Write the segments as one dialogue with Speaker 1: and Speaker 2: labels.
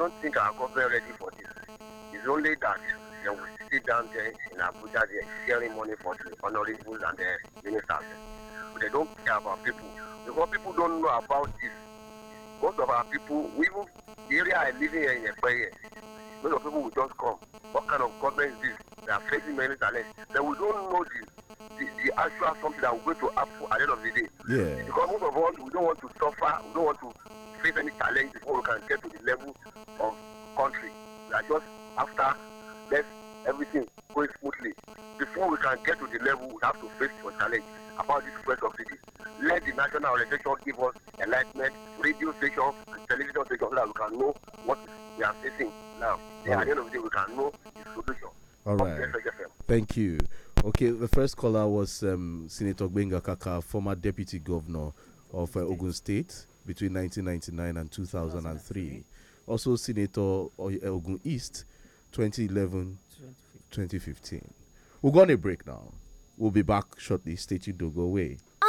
Speaker 1: don't think our government ready for this. It's only that they will sit down there in Abuja, they're sharing money for the honorables and the ministers. But they don't care about people. Because people don't know about this. Most of our people, we even, the area I live in in Ekpeye, most of people will just come. What kind of government is this? They are facing many challenges. Then we don't know the, the, the actual something that will going to happen at the end of the day. Yeah. Because most of us, we don't want to suffer, we don't want to face any challenge before we can get to the level of country. We are just after let everything go smoothly. Before we can get to the level, we have to face your challenge about this quest of cities. Let the national organization give us enlightenment, radio stations, and television stations, so that we can know what we are facing now. Right. At the end of the day, we can know the solution. All right.
Speaker 2: Thank you. Okay, the first caller was um, Senator Benga Kaka, former deputy governor of uh, Ogun State between 1999 and 2003 also Senator eh, Ogun East, 2011 2015. 2015. We're going to break now. We'll be back shortly. Stay tuned, don't go away.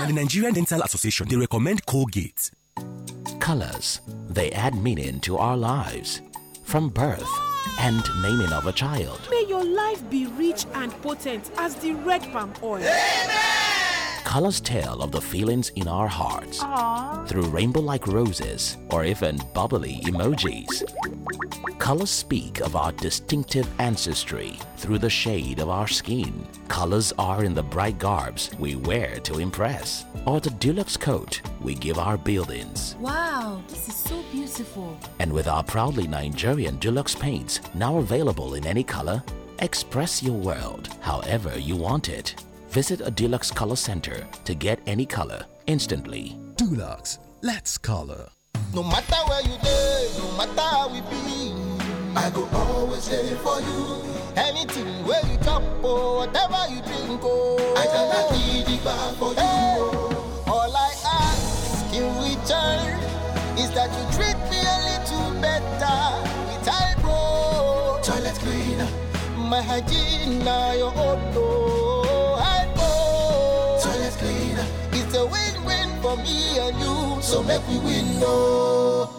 Speaker 3: Now, the Nigerian Dental Association, they recommend Colgate. Colors, they add meaning to our lives. From birth and naming of a child.
Speaker 4: May your life be rich and potent as the red palm oil. Amen
Speaker 3: colors tell of the feelings in our hearts Aww. through rainbow like roses or even bubbly emojis. Colors speak of our distinctive ancestry through the shade of our skin. Colors are in the bright garbs we wear to impress or the deluxe coat we give our buildings.
Speaker 5: Wow,
Speaker 3: this is so beautiful. And with our proudly Nigerian deluxe paints now available in any color, express your world however you want it. Visit a Dulux Color Center to get any color instantly. Dulux, let's color.
Speaker 6: No matter where you no matter how we be, I go always there for you. Anything where you or oh, whatever you drink, oh, I for hey. you. Oh. All I ask in return is that you treat me a little better with Toilet cleaner, my hygiene, now your own. Oh. than you so make we win no.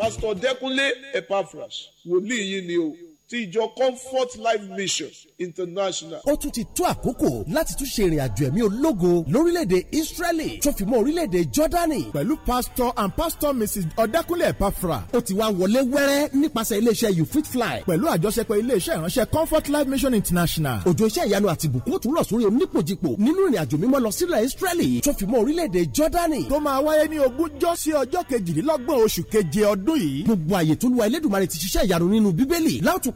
Speaker 2: Pastor dẹ́kunlé epaphras wòlíì yìí ni o ti ìjọ comfort life mission international. ó tún ti tó àkókò láti tún ṣe ìrìn àjò ẹ̀mí ológo lórílẹ̀‐èdè israeli tó fi mọ́ orílẹ̀‐èdè jordani. pẹ̀lú pastor and pastor mrs ọ̀dẹ́kúnlé epafra ó ti wá wọlé wẹ́rẹ́ nípasẹ̀ iléeṣẹ́ you fit fly pẹ̀lú àjọṣepọ̀ iléeṣẹ́ ìránṣẹ́ comfort life mission international. òjò iṣẹ́ ìyanu àti ìbùkún ó tún rọ̀ sórí onípojìpò nínú ìrìn àjò mímọ́ lọ sílẹ̀ israeli tó fi mọ́ orílẹ̀‐èdè jordani. tó máa wáyé ní ogúnjọ́ sí ọjọ́ kejìlélọ́gbọ̀n oṣù keje ọdún yìí. gbogbo àyè tó lu ẹlẹ́dùnmarè ti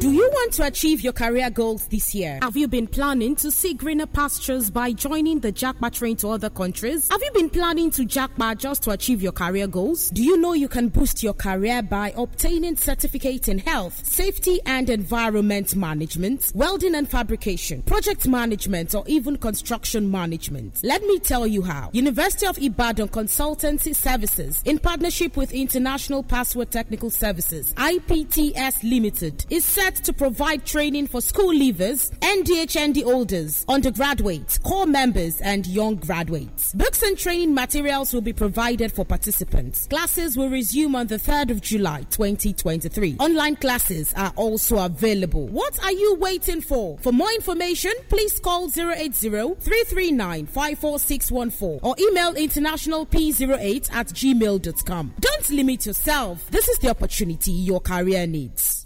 Speaker 4: Do you want to achieve your career goals this year? Have you been planning to see greener pastures by joining the Jackpot train to other countries? Have you been planning to Jackpot just to achieve your career goals? Do you know you can boost your career by obtaining certificate in health, safety and environment management, welding and fabrication, project management or even construction management? Let me tell you how. University of Ibadan Consultancy Services in partnership with International Password Technical Services, IPTS Limited, is set to provide training for school leavers, NDHND holders, undergraduates, core members, and young graduates. Books and training materials will be provided for participants. Classes will resume on the 3rd of July 2023. Online classes are also available. What are you waiting for? For more information, please call 080-339-54614 or email internationalp08 at gmail.com. Don't limit yourself. This is the opportunity your career needs.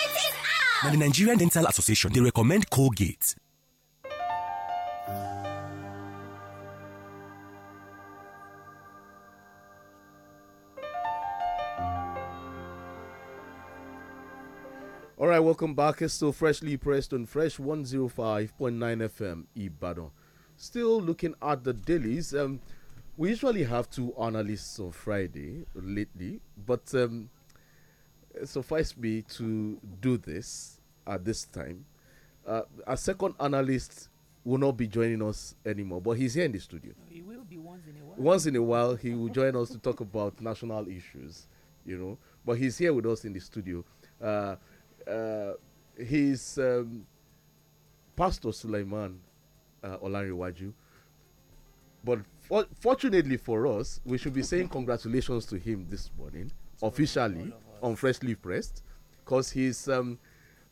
Speaker 3: Now, the Nigerian Dental Association, they recommend Colgate.
Speaker 2: All right, welcome back. It's still freshly pressed on Fresh 105.9 FM Ibadan. Still looking at the dailies. Um, we usually have two analysts on Friday lately, but um, suffice me to do this at this time. Uh, our second analyst will not be joining us anymore, but he's here in the studio. He will be once in a while. Once in a while, he will join us to talk about national issues, you know. But he's here with us in the studio. Uh, uh, he's um, Pastor Suleiman uh, Olariwaju. But for, fortunately for us, we should be saying congratulations to him this morning, officially on freshly pressed because he's um,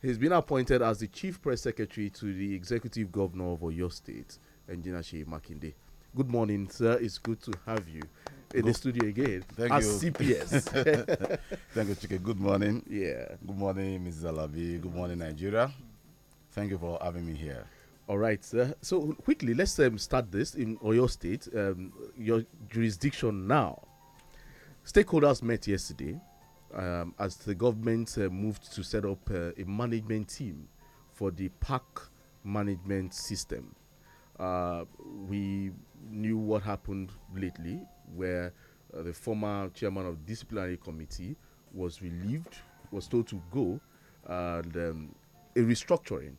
Speaker 2: he's been appointed as the chief press secretary to the executive governor of Oyo State, Engineer Shea Makinde. Good morning, sir. It's good to have you in good. the studio again. Thank as you. CPS. Thank you, Chike. Good morning. Yeah. Good morning, Mrs. Alabi. Good morning, Nigeria. Thank you for having me here. All right, sir. So quickly, let's um, start this in Oyo State, um, your jurisdiction now. Stakeholders met yesterday um, as the government uh, moved to set up uh, a management team for the park management system. Uh, we knew what happened lately, where uh, the former chairman of disciplinary committee was relieved, was told to go, and um, a restructuring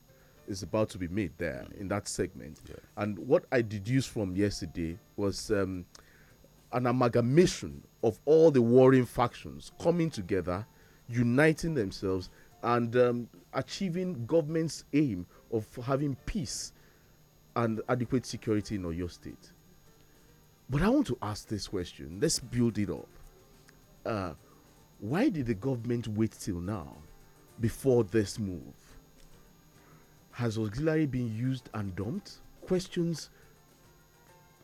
Speaker 2: is about to be made there in that segment. Yeah. And what I deduced from yesterday was um, an amalgamation of all the warring factions coming together, uniting themselves, and um, achieving government's aim of having peace and adequate security in your state. But I want to ask this question. Let's build it up. Uh, why did the government wait till now before this move? Has auxiliary been used and dumped? Questions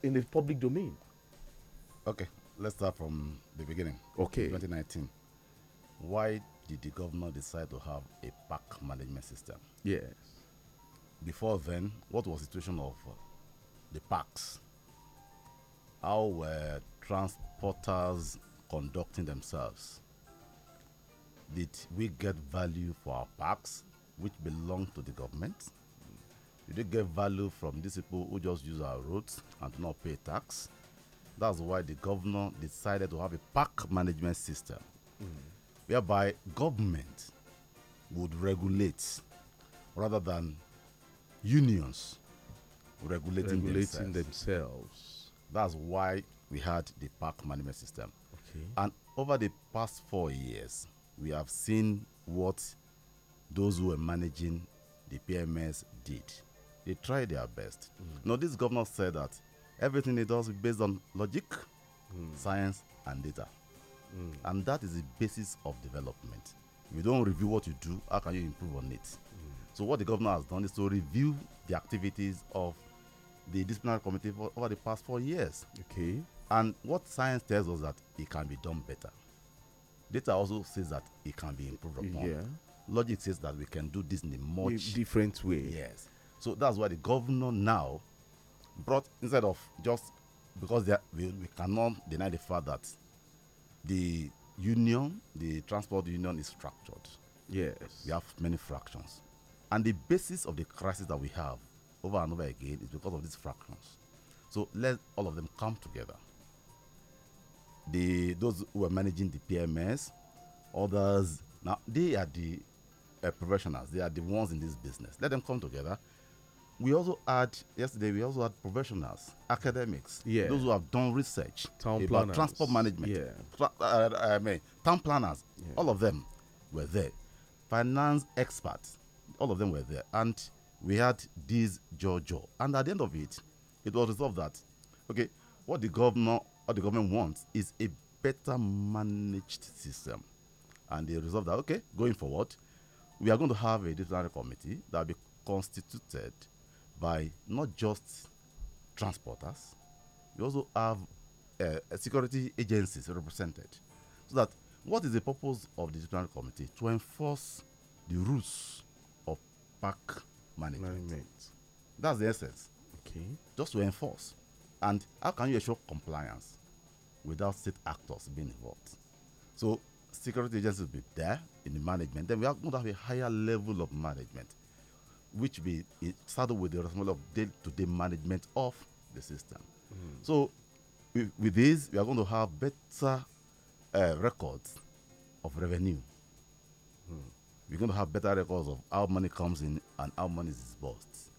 Speaker 2: in the public domain. Okay, let's start from the beginning. Okay. 2019. Why did the governor decide to have a park management system? Yes. Before then, what was the situation of uh, the parks? How were transporters conducting themselves? Did we get value for our parks, which belong to the government? Did we get value from these people who just use our roads and do not pay tax? That's why the governor decided to have a park management system mm. whereby government would regulate rather than unions regulating, regulating themselves. themselves. That's why we had the park management system. Okay. And over the past four years, we have seen what those who were managing the PMS did. They tried their best. Mm. Now, this governor said that Everything he does is based on logic, mm. science, and data. Mm. And that is the basis of development. If you don't review what you do, how can you improve on it? Mm. So, what the governor has done is to review the activities of the disciplinary committee for, over the past four years. Okay. And what science tells us that it can be done better. Data also says that it can be improved upon. Yeah. Logic says that we can do this in a much different way. Yes. So that's why the governor now brought instead of just because they we, we cannot deny the fact that the union, the transport union is structured. Yes. We have many fractions. And the basis of the crisis that we have over and over again is because of these fractions. So let all of them come together. The those who are managing the PMS, others now they are the uh, professionals. They are the ones in this business. Let them come together we also had yesterday we also had professionals academics yeah. those who have done research town about planners. transport management yeah. uh, i mean town planners yeah. all of them were there finance experts all of them were there and we had this jojo and at the end of it it was resolved that okay what the governor or the government wants is a better managed system and they resolved that okay going forward we are going to have a disciplinary committee that will be constituted by not just transporters, you also have uh, security agencies represented. So that what is the purpose of the disciplinary committee? To enforce the rules of park management. management. That's the essence. Okay. Just to enforce. And how can you ensure compliance without state actors being involved? So security agencies will be there in the management. Then we are going to have a higher level of management which be started with the responsibility of day to day management of the system. Mm. So, with, with, this, we are going to have better uh, records of revenue. Mm. We're going to have better records of how money comes in and how money is disbursed.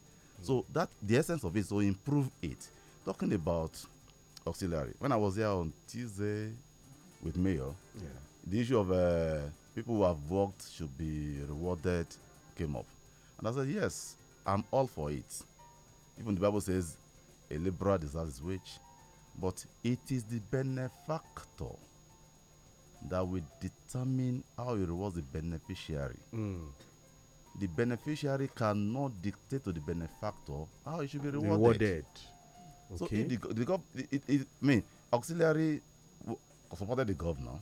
Speaker 2: Mm. So that the essence of it, so improve it. Talking about auxiliary, when I was here on Tuesday with Mayor, yeah. the issue of uh, people who have worked should be rewarded came up. And I said, Yes, I'm all for it. Even the Bible says a liberal deserves his wage, but it is the benefactor that will determine how he rewards the beneficiary. Mm. The beneficiary cannot dictate to the benefactor how he should be rewarded. rewarded. Okay. So if the, the, the, it, it, I mean, auxiliary supported the governor,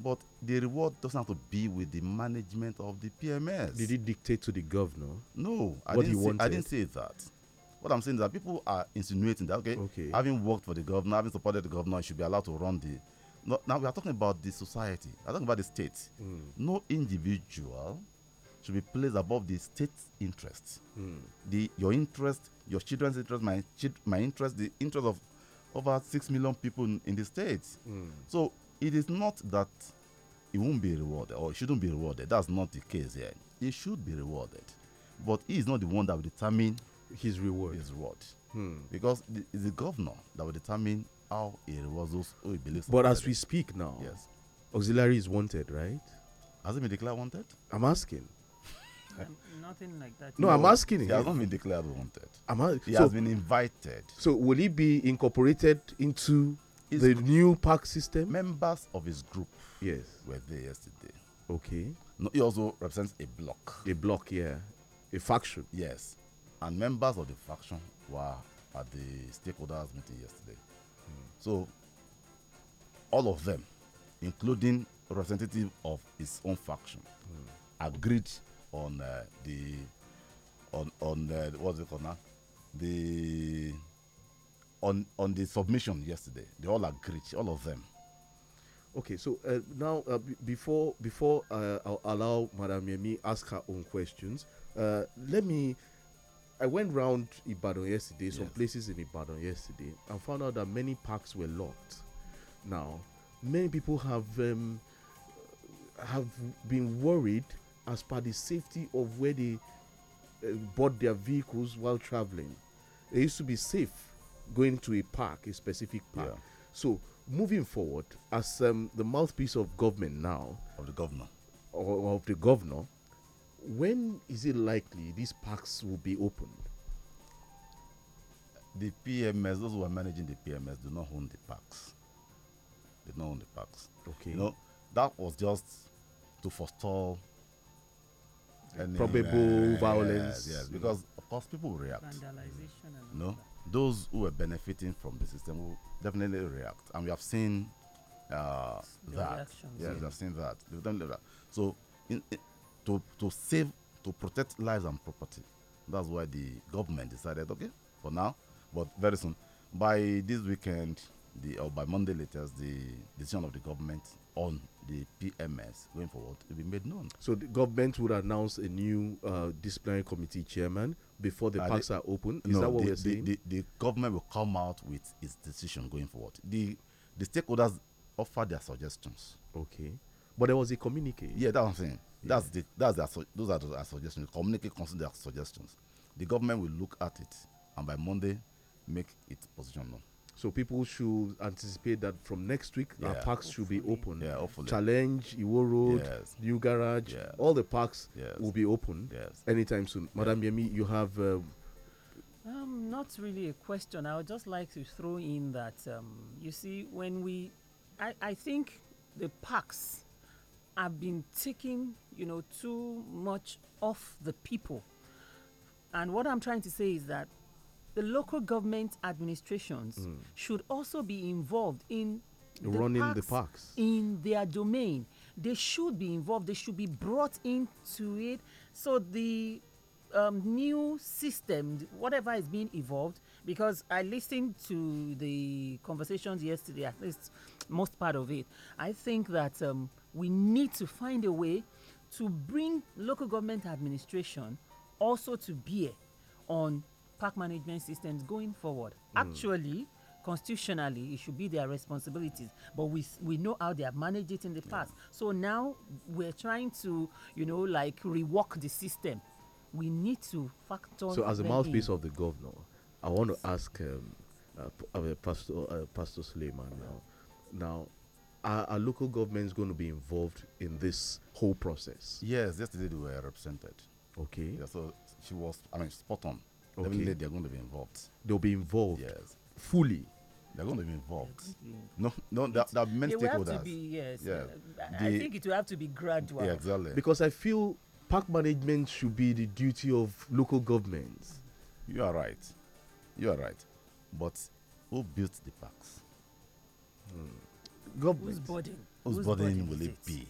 Speaker 2: but the reward doesn't have to be with the management of the PMS. Did he dictate to the governor? No, I, didn't say, I didn't say that. What I'm saying is that people are insinuating that okay, okay. having worked for the governor, having supported the governor, should be allowed to run the. No, now we are talking about the society. I'm talking about the state. Mm. No individual should be placed above the state's interest. Mm. The your interest, your children's interest, my my interest, the interest of over six million people in, in the state. Mm. So it is not that he won't be rewarded or he shouldn't be rewarded. That's not the case here. He should be rewarded, but he is not the one that will determine his reward. His reward, hmm. because the, it's the governor that will determine how he rewards those who he believes. But as we speak now, yes, auxiliary is wanted, right? Has he been declared wanted? I'm asking.
Speaker 6: Um,
Speaker 3: nothing like that. No, no I'm asking. He has
Speaker 2: not been declared wanted. I'm a- he so, has been invited. So will he be incorporated into his the new park system? Members of his group yes. were there yesterday. Okay. No, he also represents a block. A block, yeah. A faction. Yes. And members of the faction were at the stakeholders meeting yesterday. Mm. So all of them, including representative of his own faction, mm. agreed on uh, the on on uh, what's it called now? The on, on the submission yesterday. They all agreed, all of them. Okay, so uh, now uh, before before uh, I'll allow Madam Yemi ask her own questions, uh, let me. I went round Ibadan yesterday, yes. some places in Ibadan yesterday, and found out that many parks were locked. Now, many people have um, have been worried as per the safety of where they uh, bought their vehicles while traveling. It used to be safe going to a park, a specific park. Yeah. So moving forward, as um, the mouthpiece of government now, of the governor, or of the governor, when is it likely these parks will be opened? The PMS, those who are managing the PMS, do not own the parks. They don't own the parks. Okay. You know, that was just to forestall any, probable uh, violence. Yes, yes because of course people react. Vandalization no? those who are benefiting from the system will definitely react, and we have seen uh, that. Yes, yeah, we have seen that. They've done that. So, in, in, to to save, to protect lives and property, that's why the government decided, okay, for now, but very soon, by this weekend, the or by Monday latest, the decision of the government on the PMS going forward will be made known. So the government would announce a new uh, disciplinary committee chairman before the are parks they, are open? Is no, that what the, we're saying? The, the, the, government will come out with its decision going forward. The the stakeholders offer their suggestions. Okay, but there was a communique. Yeah, that's what I'm saying. Yeah. That's the that's the those are the suggestions. The communique concerns their suggestions. The government will look at it and by Monday make its position known. So people should anticipate that from next week yeah. our parks should be open. Yeah, hopefully. Challenge, Iwo Road, yes. New Garage, yes. all the parks yes. will be open yes. anytime soon. Madam Yemi, you have. Um,
Speaker 7: um, not really a question. I would just like to throw in that um, you see when we, I, I think the parks have been taking you know too much off the people, and what I'm trying to say is that the local government administrations mm. should also be involved in
Speaker 2: the running parks, the parks
Speaker 7: in their domain. They should be involved. They should be brought into it. So the um, new system, whatever is being evolved, because I listened to the conversations yesterday, at least most part of it. I think that um, we need to find a way to bring local government administration also to bear on park management systems going forward. Mm. Actually, constitutionally, it should be their responsibilities, but we we know how they have managed it in the past. Yeah. So now we're trying to, you know, like rework the system. We need to factor. So, as a mouthpiece in. of
Speaker 2: the governor, I want to ask um, uh, uh, Pastor uh, Pastor Suleiman now. Now, are, are local governments going to be involved in this whole process? Yes, yesterday they were represented. Okay. Yeah, so she was, I mean, spot on. Okay. Definitely, they're going to be involved. They'll be involved. Yes. Fully. They're going to be involved. No, no, that that many it stakeholders. Have to be, yes. Yeah. I, the, think
Speaker 7: it will have to be gradual. Yeah, exactly. Because
Speaker 2: I feel park management should be the duty of local governments. You are right. You are right. But who built the parks? Hmm. building? Who's burden? Whose burden will it, it be?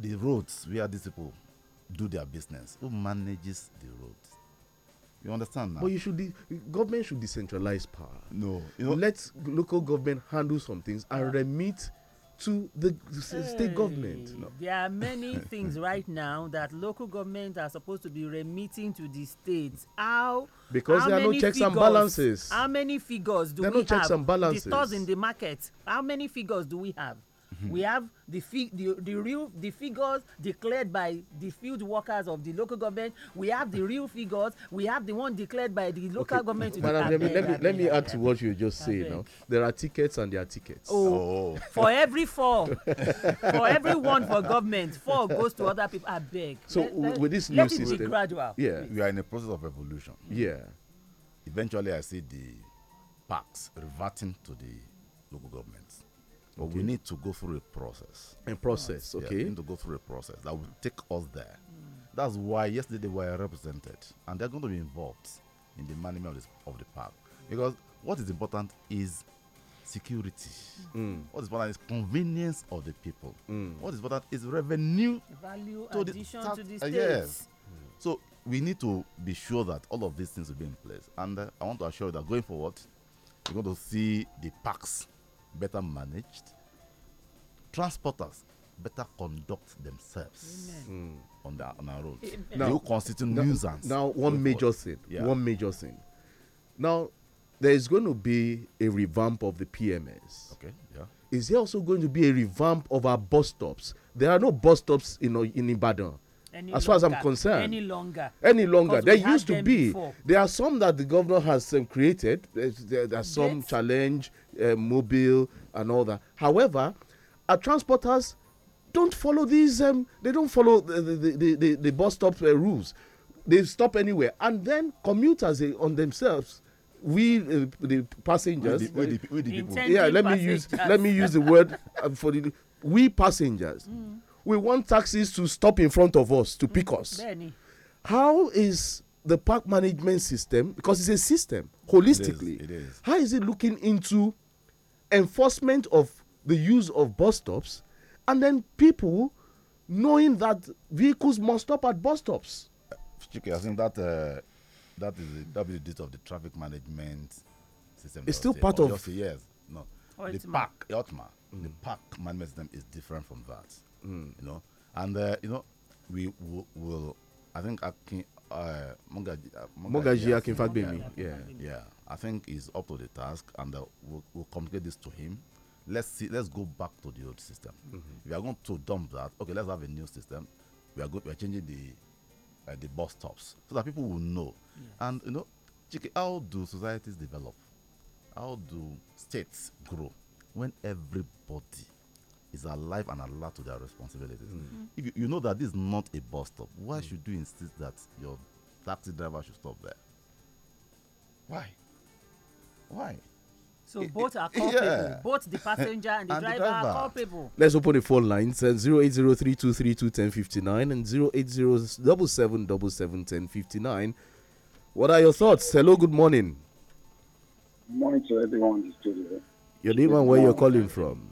Speaker 2: The roads where these people do their business. Who manages the roads? You understand now? But you should. De- government should decentralize power. No, you know, let local government handle some things and remit to the hey, state government. No.
Speaker 7: There are many things right now that local government are supposed to be remitting to the states. How? Because how there are no checks figures, and balances. How many figures do there we have? There are no checks and balances. The stores in the market. How many figures do we have? Mm -hmm. We have the, the, the real the figures declared by the field workers of the local government. We have the real figures. We have the one declared by the local okay. government. Madam, let me, let me, let me
Speaker 2: add to what you just said. There are tickets and there are tickets. Oh, oh. for
Speaker 7: every four, for every one for government, four goes to other people. I beg. So let, let, with this new system, be gradual. Yeah,
Speaker 2: we are in a process of evolution. Yeah. Eventually, I see the parks reverting to the local government but okay. we need to go through a process. A process, okay. Yeah, we need to go through a process that will take us there. Mm. That's why yesterday they were represented and they're going to be involved in the management of, this, of the park. Because what is important is security. Mm. What is important is convenience of the people. Mm. What is important is revenue
Speaker 7: value to addition the, to the uh, state. Uh, yes.
Speaker 2: Mm. So we need to be sure that all of these things will be in place. And uh, I want to assure you that going forward, you're going to see the parks better managed, transporters better conduct themselves mm. on, the, on our road. Now, you constitute now, nuisance. Now, one major thing. Yeah. One major thing. Now, there is going to be a revamp of the PMS. Okay. Yeah. Is there also going to be a revamp of our bus stops? There are no bus stops in in Ibadan any as far longer, as I'm concerned. Any
Speaker 7: longer. Any longer. There used to be. Before.
Speaker 2: There are some that the governor has um, created. There's, there, are some challenge, uh, mobile, and all that. However, our transporters don't follow these, um, they don't follow the, the, the, the, the bus stop uh, rules. They stop anywhere. And then commuters eh, on themselves we uh, the passengers we the, we the, we the people. yeah let me use let me use the word uh, for the we passengers mm we want taxis to stop in front of us to pick mm, us. Benny. How is the park management system, because it's a system holistically,
Speaker 8: it is, it
Speaker 4: is.
Speaker 2: how is it looking into enforcement of the use of bus stops and then people knowing that vehicles must stop at bus stops? I think that, uh, that is the, that is of the traffic management system. It's still part of. Yes, no. the park, mm. the park management system is different from that. Mm. You know, and uh, you know, we will. I think Akin, uh, Mogaji, uh, Akin Yeah, yeah. I think he's up to the task, and uh, we'll, we'll communicate this to him. Let's see. Let's go back to the old system. Mm -hmm. We are going to dump that. Okay, let's have a new system. We are good. We are changing the uh, the bus stops so that people will know. Yes. And you know, how do societies develop? How do states grow when everybody is alive and alert to their responsibilities. Mm. If you, you, know that this is not a bus stop, why mm. should you insist that your taxi driver should stop there?
Speaker 6: Why? Why?
Speaker 7: So it, eh, both are eh, culpable. Yeah. Both the passenger and, the, and driver the, driver are culpable.
Speaker 2: Let's open the phone lines at uh, 08032321059 and 08077771059. What are your thoughts? Hello, good morning.
Speaker 1: Good morning to everyone in the studio.
Speaker 2: Your name and where you're calling from?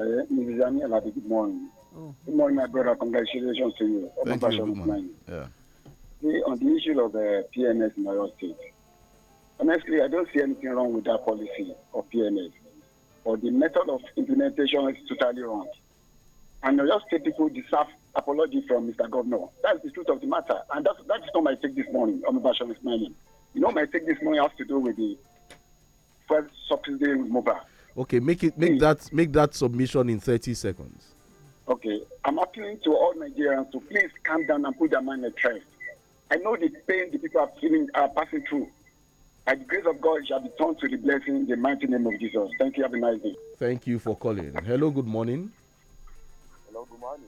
Speaker 1: Eh, Mrs. Ami good morning. Oh. Good morning, my brother. Congratulations to you. Thank you. Good morning. Yeah. See, on the issue of the uh, PNS in Oyo State, honestly, I don't see anything wrong with that policy of PNS. But the method of implementation is totally wrong. And Oyo State people deserve apology from Mr. Governor. That's the truth of the matter. And that's, that's not my take this morning. I'm about smiling. You know, my take this morning has to do with the first subsidy removal.
Speaker 2: Okay, make it make Please. that make that submission in 30 seconds.
Speaker 1: Okay, I'm appealing to all Nigerians to please calm down and put
Speaker 2: their mind at rest.
Speaker 1: I know the pain the people are feeling are passing through. By the grace of God, shall be turned to the blessing in the mighty name of Jesus. Thank you. Have a nice day.
Speaker 2: Thank you for calling. Hello. Good morning. Hello. Good morning.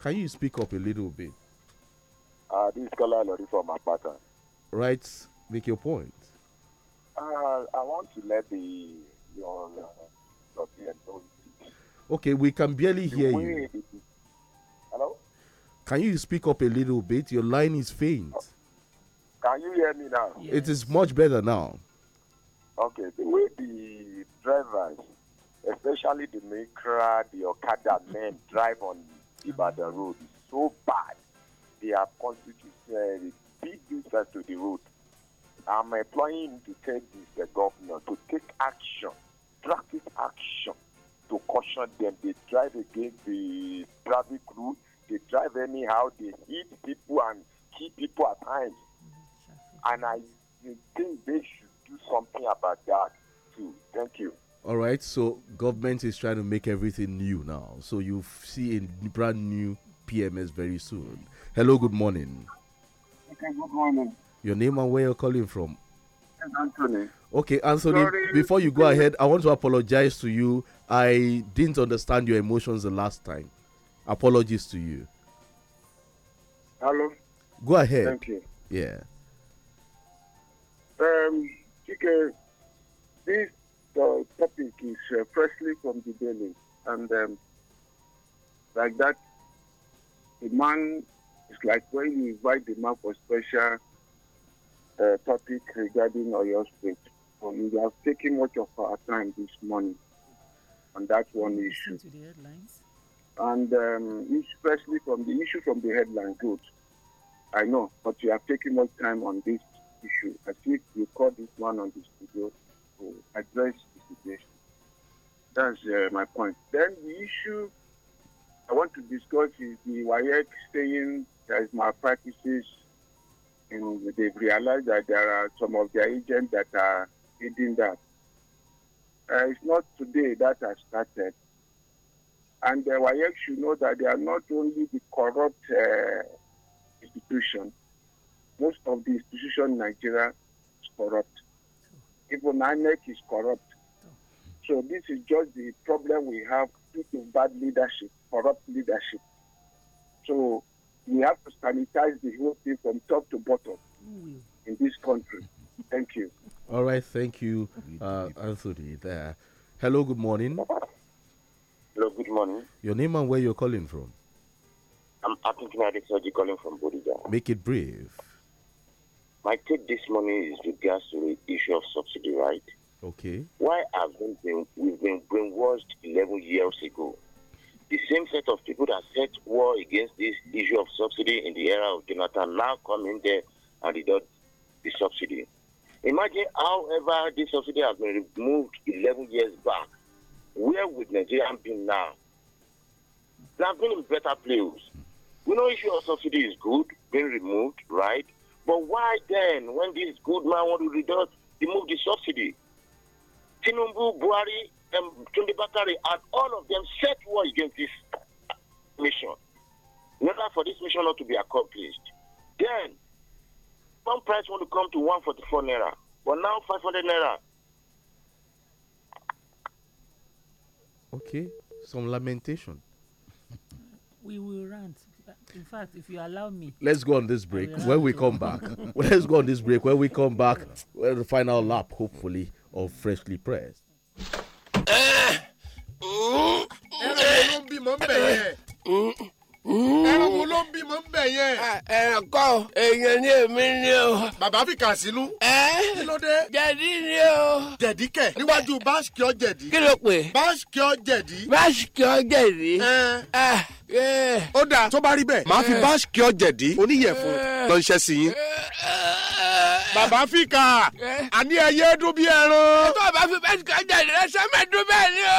Speaker 2: Can you speak up a little bit?
Speaker 1: Uh, this is Kola Lori from Apata.
Speaker 2: Right. Make your point.
Speaker 1: Uh, I want to let the your,
Speaker 2: Okay, we can barely hear you. hello? Can you speak up a little bit? Your line is faint. Uh,
Speaker 1: can you hear me now? Yes. It
Speaker 2: is much better now.
Speaker 1: Okay, the way the drivers, especially the Mikra, the Okada men drive on Ibadan road is so bad. They have constituted uh, big distance to the road. I'm employing to take the governor to take action, drastic action to caution them. They drive against the traffic rule, they drive anyhow, they hit people and kill people at times. And I think they should do something about that too.
Speaker 2: Thank you. All right, so government is trying to make everything new now. So you see a brand new PMS very soon. Hello, good morning.
Speaker 1: Okay, good morning.
Speaker 2: Your name and where you're calling from? Anthony. Okay, Anthony, Sorry. before you go ahead, I want to apologize to you. I didn't understand your emotions the last time. Apologies to you.
Speaker 1: Hello. Go ahead. Thank you. Yeah. Um, Chike, this uh, topic is uh, freshly from the daily, and um, like that, the man is like when you invite the man for special uh, topic regarding Oyo State. So you have taken much of our time this morning on that one issue. To the headlines. And um, especially from the issue from the headline, good. I know, but you have taken much time on this issue. I think you call this one on the studio to address the situation. That's uh, my point. Then the issue I want to discuss is the WAEC saying that malpractices and they've realized that there are some of their agents that are aiding that. Uh, it's not today that has started. And the uh, YF should know that they are not only the corrupt uh, institution, most of the institution in Nigeria is corrupt. Even INEC is corrupt. So this is just the problem we have due to bad leadership, corrupt leadership. So we have to sanitize the whole thing from top to bottom in this country. Thank you.
Speaker 2: All right, thank you, uh, Anthony. There. Hello, good morning.
Speaker 1: Hello, good morning.
Speaker 2: Your name and where you're calling from?
Speaker 1: I'm Akintin Adesoji calling from Bodija.
Speaker 2: Make it brief.
Speaker 1: My take this morning is regards to the issue of subsidy right. Okay. Why have we been, we've been brainwashed 11 years ago? The same set of people that set war against this issue of subsidy in the era of Jonathan now come in there and deduct the subsidy. Imagine, however, this subsidy has been removed 11 years back. Where would Nigeria be now? They have been in better place. We know issue of subsidy is good, being removed, right? But why then, when this good man want to reduce, remove the subsidy? Tinubu, Buhari, um, Tunde Bakari, and all of them set war against this mission in order for this mission not to be accomplished. Then, some price want to come to 144 naira, but now 500
Speaker 7: naira.
Speaker 2: Okay, some lamentation.
Speaker 7: we will rant. In fact, if you allow me, let's go on this break. When we come back,
Speaker 2: let's go on this break. When we come back, well, the final lap, hopefully, of freshly pressed.
Speaker 6: bímọ ń bẹ yẹn
Speaker 3: ẹranko ló ń bímọ ń bẹ yẹn. Ah, ẹ̀rọ̀kọ́ èèyàn ni èmi ni o. bàbá fi kà sílú. ẹ kí ló dé. jẹ̀dí ni o. jẹ̀dí kẹ̀ níwájú báṣkì ọ̀jẹ̀dí. kí ló pè. báṣkì ọ̀jẹ̀dí. báṣkì ọ̀jẹ̀dí. Ah, ó dáa tó bá rí bẹ́ẹ̀ máa fi eh. báṣkì ọ̀jẹ̀dí oníyẹ̀fun eh. lọ iṣẹ́ sí yín. Eh. bàbá fi kà àní ẹyẹ dún bí ẹran. ẹ tó bá fi
Speaker 9: báṣkì ọ̀jẹ̀dí rẹ sẹ́mẹ̀ẹ́dún bẹ́ẹ̀ ni o.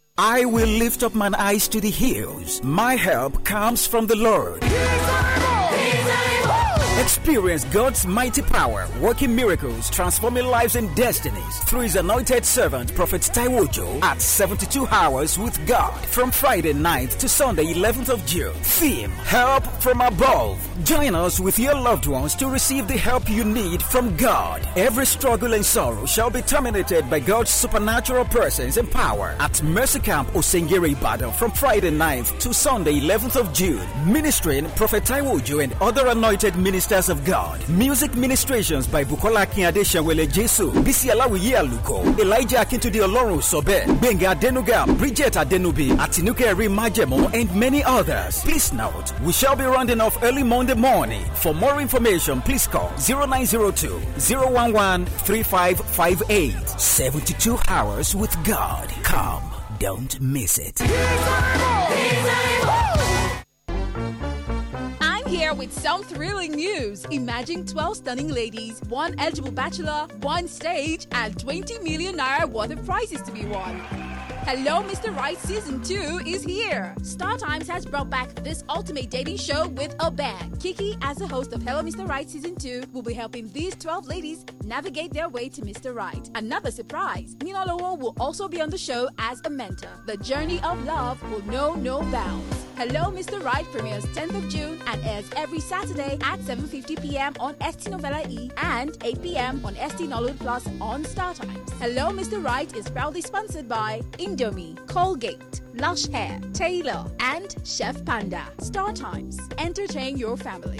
Speaker 10: I will lift up mine eyes to the hills. My help comes from the Lord. Experience God's mighty power, working miracles, transforming lives and destinies through His anointed servant, Prophet Taiwojo, at 72 Hours with God from Friday 9th to Sunday 11th of June. Theme Help from Above. Join us with your loved ones to receive the help you need from God. Every struggle and sorrow shall be terminated by God's supernatural presence and power at Mercy Camp Osengiri Bada from Friday 9th to Sunday 11th of June. Ministering Prophet Taiwojo and other anointed ministers Ministers of God. Music Ministrations by Bukola Akínadé Ṣẹ̀wẹ̀lẹ̀ Jésù. Bísí Aláwìyé Àlùkò. Elijah Akíntúndé Ọlọ́run Sọ̀bẹ̀. Benga Adenuga. Bridget Adenubi. Àtinúkẹ́ Májẹ̀mọ́ and many others. Please note, we shall be rounding off early Monday morning. For more information, please call 0902 011 3558. 72 hours with God. Come, don't miss it
Speaker 11: here with some thrilling news. Imagine 12 stunning ladies, one eligible bachelor, one stage, and 20 million naira worth of prizes to be won. Hello, Mr. Right Season 2 is here. Star Times has brought back this ultimate dating show with a bang. Kiki, as the host of Hello, Mr. Right Season 2, will be helping these 12 ladies navigate their way to Mr. Right. Another surprise, Nina Lowell will also be on the show as a mentor. The journey of love will know no bounds. Hello, Mr. Right premieres 10th of June and airs every Saturday at 7.50 p.m. on ST Novella E and 8 p.m. on ST Nollywood Plus on StarTimes. Hello, Mr. Right is proudly sponsored by Indomie, Colgate, Lush Hair, Taylor, and Chef Panda. StarTimes, entertain your family.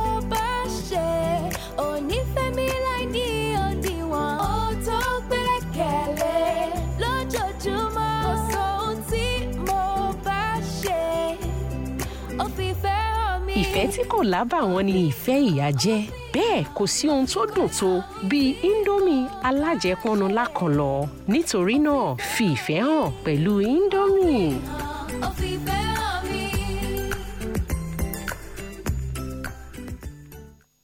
Speaker 11: nífẹ̀ẹ́
Speaker 5: mi láì ní òdiwọ̀n. ó tó gbẹ́kẹ̀lé lójoojúmọ́. kò sọ ohun tí mo bá ṣe
Speaker 9: ó fi fẹ́
Speaker 12: hàn mí. ìfẹ́ tí kò lábàwọ́n ni ìfẹ́ ìyá jẹ́ bẹ́ẹ̀ kò sí ohun tó dùn tó bíi indomie alájẹpọnu lákànlọ́ nítorí náà fi ìfẹ́ hàn pẹ̀lú indomie.
Speaker 5: ó fi fẹ́ hàn.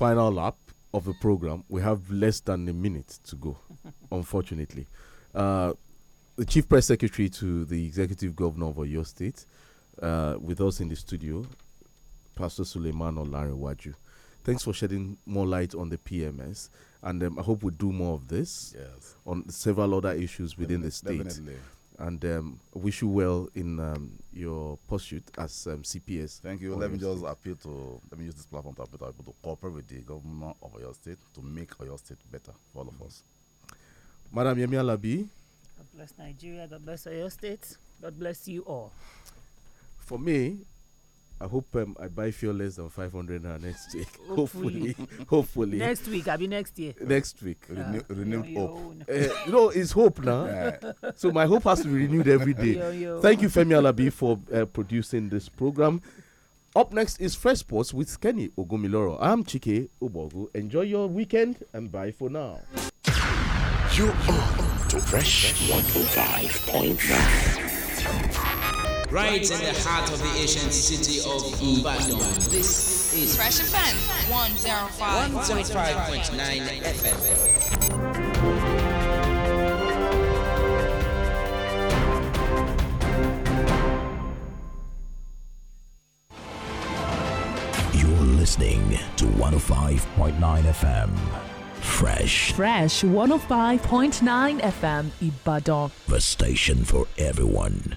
Speaker 2: final lap of the program. We have less than a minute to go, unfortunately. Uh, the Chief Press Secretary to the Executive Governor of your State, uh, with us in the studio, Pastor Suleiman Olarewaju. Thanks for shedding more light on the PMS, and um, I hope we do more of this yes. on several other issues within Definitely. the state. Definitely and um, wish you well in um, your pursuit as um, CPS. Thank you. Let me just state. appeal to, let me use this platform to appeal to people to cooperate with the government of your state to make your state better for all of mm-hmm. us. Madam Yemi Alabi.
Speaker 7: God bless Nigeria. God bless your state. God bless you all.
Speaker 2: For me, I hope um, I buy fuel less than 500 next week. Hopefully. hopefully. Next week. I'll be next year. Next week. Uh, Renew, renewed hope. Uh, you know, it's hope now. Yeah. so my hope has to be renewed every day. Yo, yo. Thank you, Femi Alabi, for uh, producing this program. Up next is Fresh Sports with Kenny Ogumiloro. I'm Chike Ubogu. Enjoy your weekend and bye for now. You are on to Fresh
Speaker 5: 105.9
Speaker 6: right in the heart of the ancient city of Ibadan. This is Fresh Offense 105.9 FM.
Speaker 3: listening to 105.9 FM. Fresh. Fresh 105.9 FM Ibadan. The station for everyone.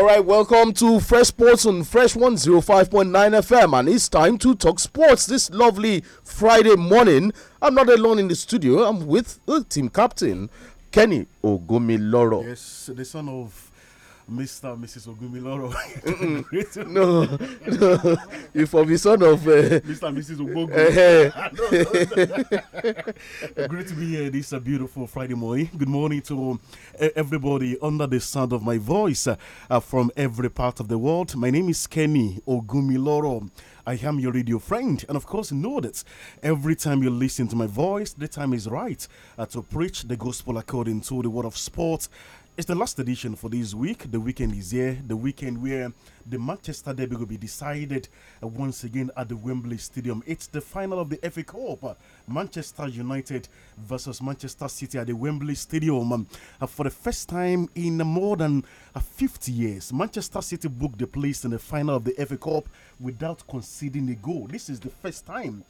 Speaker 2: All right, welcome to Fresh Sports on Fresh 105.9 FM, and it's time to talk sports this lovely Friday morning. I'm not alone in the studio, I'm with the team captain, Kenny Ogumiloro. Yes, the son of Mr. Mrs. Ogumiloro. no, no, you for the son of uh, Mr. Mrs. Ogogu. Uh, Great to be here this a uh, beautiful Friday morning. Good morning to uh, everybody under the sound of my voice uh, from every part of the world. My name is Kenny Ogumiloro. I am your radio friend. And of course, know that every time you listen to my voice, the time is right to preach the gospel according to the word of sport it's the last edition for this week. The weekend is here. The weekend where the Manchester Derby will be decided uh, once again at the Wembley Stadium. It's the final of the FA Cup. Manchester United versus Manchester City at the Wembley Stadium. Uh, for the first time in more than uh, 50 years, Manchester City booked the place in the final of the FA Cup without conceding a goal. This is the first time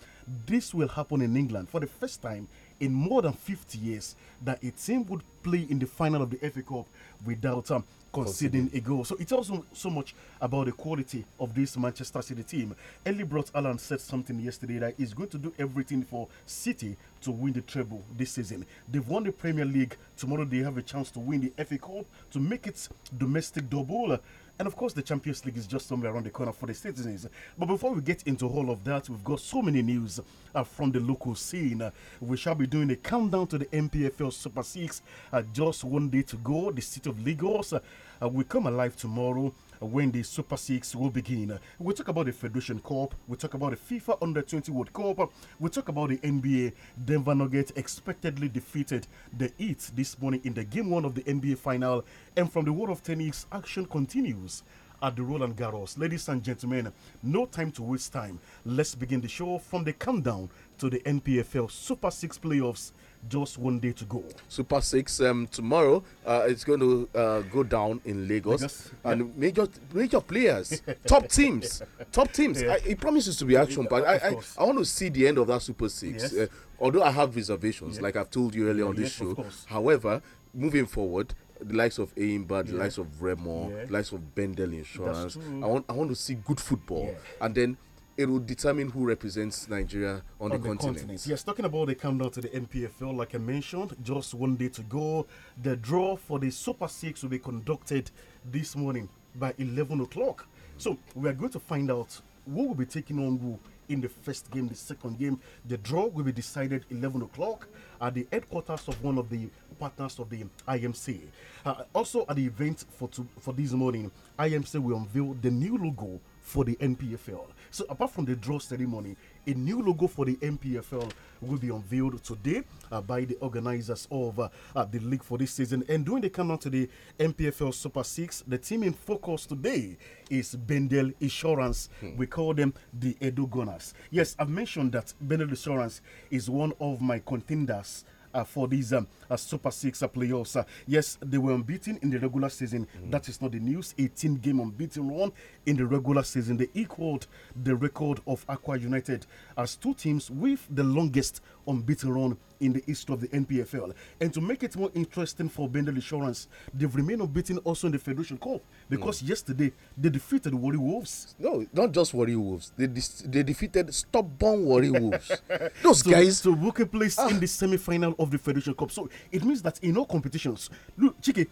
Speaker 2: this will happen in England. For the first time in more than 50 years that a team would play in the final of the FA Cup without um, conceding a goal. So it tells so, much about the quality of this Manchester City team. Ellie Brot Alan said something yesterday that he's going to do everything for City to win the treble this season. They've won the Premier League. Tomorrow they have a chance to win the FA Cup to make it domestic double. And of course, the Champions League is just somewhere around the corner for the citizens. But before we get into all of that, we've got so many news uh, from the local scene. Uh, we shall be doing a countdown to the MPFL Super Six. Uh, just one day to go. The city of Lagos uh, will come alive tomorrow when the Super Six will begin. We'll talk about the Federation Cup, we'll talk about the FIFA Under 20 World Cup, we'll talk about the NBA. Denver Nuggets expectedly defeated the Heat this morning in the game one of the NBA final. And from the world of tennis, action continues at the Roland Garros. Ladies and gentlemen, no time to waste time. Let's begin the show from the countdown to the NPFL Super Six playoffs just one day to go. Super Six um, tomorrow. Uh, it's going to uh, go down in Lagos, Lagos and yeah. major major players, top teams, top teams. Yeah. I, it promises to be action But I, I, I, want to see the end of that Super Six. Yes. Uh, although I have reservations, yeah. like I've told you earlier on this show. However, moving forward, the likes of Aimba, the yeah. likes of Remo, yeah. the likes of Bendel Insurance. I want I want to see good football, yeah. and then it will determine who represents Nigeria on, on the, the continent. continent. Yes, talking about the countdown to the MPFL, like I mentioned, just one day to go. The draw for the Super Six will be conducted this morning by 11 o'clock. So we are going to find out who will be taking on who in the first game, the second game. The draw will be decided 11 o'clock at the headquarters of one of the partners of the IMC. Uh, also, at the event for, to, for this morning, IMC will unveil the new logo for the NPFL. So, apart from the draw ceremony, a new logo for the NPFL will be unveiled today uh, by the organizers of uh, uh, the league for this season. And during the countdown to the NPFL Super Six, the team in focus today is Bendel Insurance. Hmm. We call them the Edo Gunners. Yes, I've mentioned that Bendel Insurance is one of my contenders uh, for these um, uh, Super Six uh, playoffs. yes, they were unbeaten in the regular season. Mm. That is not the news. 18 game unbeaten run in the regular season. They equaled the record of Aqua United as two teams with the longest unbeaten run in the history of the NPFL. And to make it more interesting for Bendel Insurance, they've remained unbeaten also in the Federation Cup because mm. yesterday they defeated Worry Wolves. No, not just Worry Wolves. They they defeated stubborn Worry Wolves.
Speaker 5: Those so, guys to
Speaker 2: so book a place ah. in the semi-final of the Federation Cup. So it means that in all competitions, look, Chicky,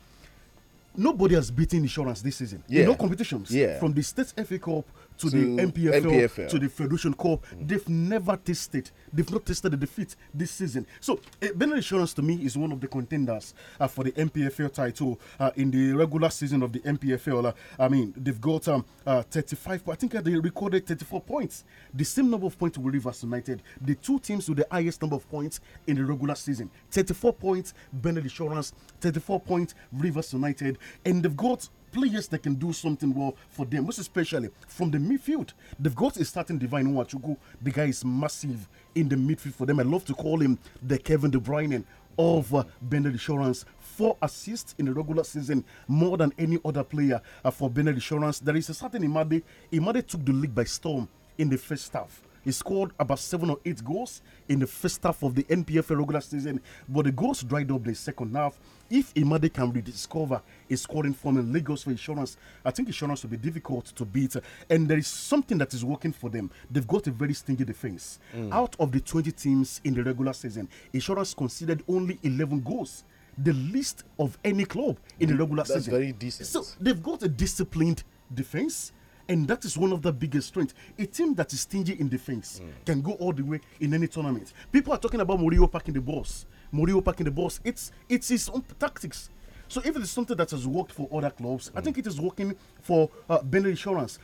Speaker 2: nobody has beaten insurance this season. Yeah. In all competitions, yeah. from the State FA Cup to, to the MPFL, MPFL, to the Federation Cup. Mm. They've never tasted, they've not tasted the defeat this season. So, uh, Benin Insurance to me is one of the contenders uh, for the MPFL title uh, in the regular season of the MPFL. Uh, I mean, they've got um, uh, 35, I think uh, they recorded 34 points, the same number of points with Rivers United, the two teams with the highest number of points in the regular season 34 points, Benin Insurance, 34 points, Rivers United, and they've got players that can do something well for them, most especially from the midfield. They've got a starting divine Wachuku. The guy is massive in the midfield for them. I love to call him the Kevin De Bruyne of uh, Bender Insurance. Four assists in the regular season, more than any other player uh, for Bender Insurance. There is a certain Imade. Imade took the league by storm in the first half. He scored about seven or eight goals in the first half of the NPFL regular season, but the goals dried up the second half. If Imade can rediscover his scoring form in Lagos for insurance, I think insurance will be difficult to beat. And there is something that is working for them. They've got a very stingy defense. Mm. Out of the 20 teams in the regular season, insurance considered only 11 goals the least of any club in the regular That's season. Very decent. So they've got a disciplined defense. And that is one of the biggest strengths. A team that is stingy in defense mm. can go all the way in any tournament. People are talking about Murillo packing the balls. Murillo packing the balls. It's it's his own tactics. So if it is something that has worked for other clubs, mm. I think it is working for uh, Bentley Insurance.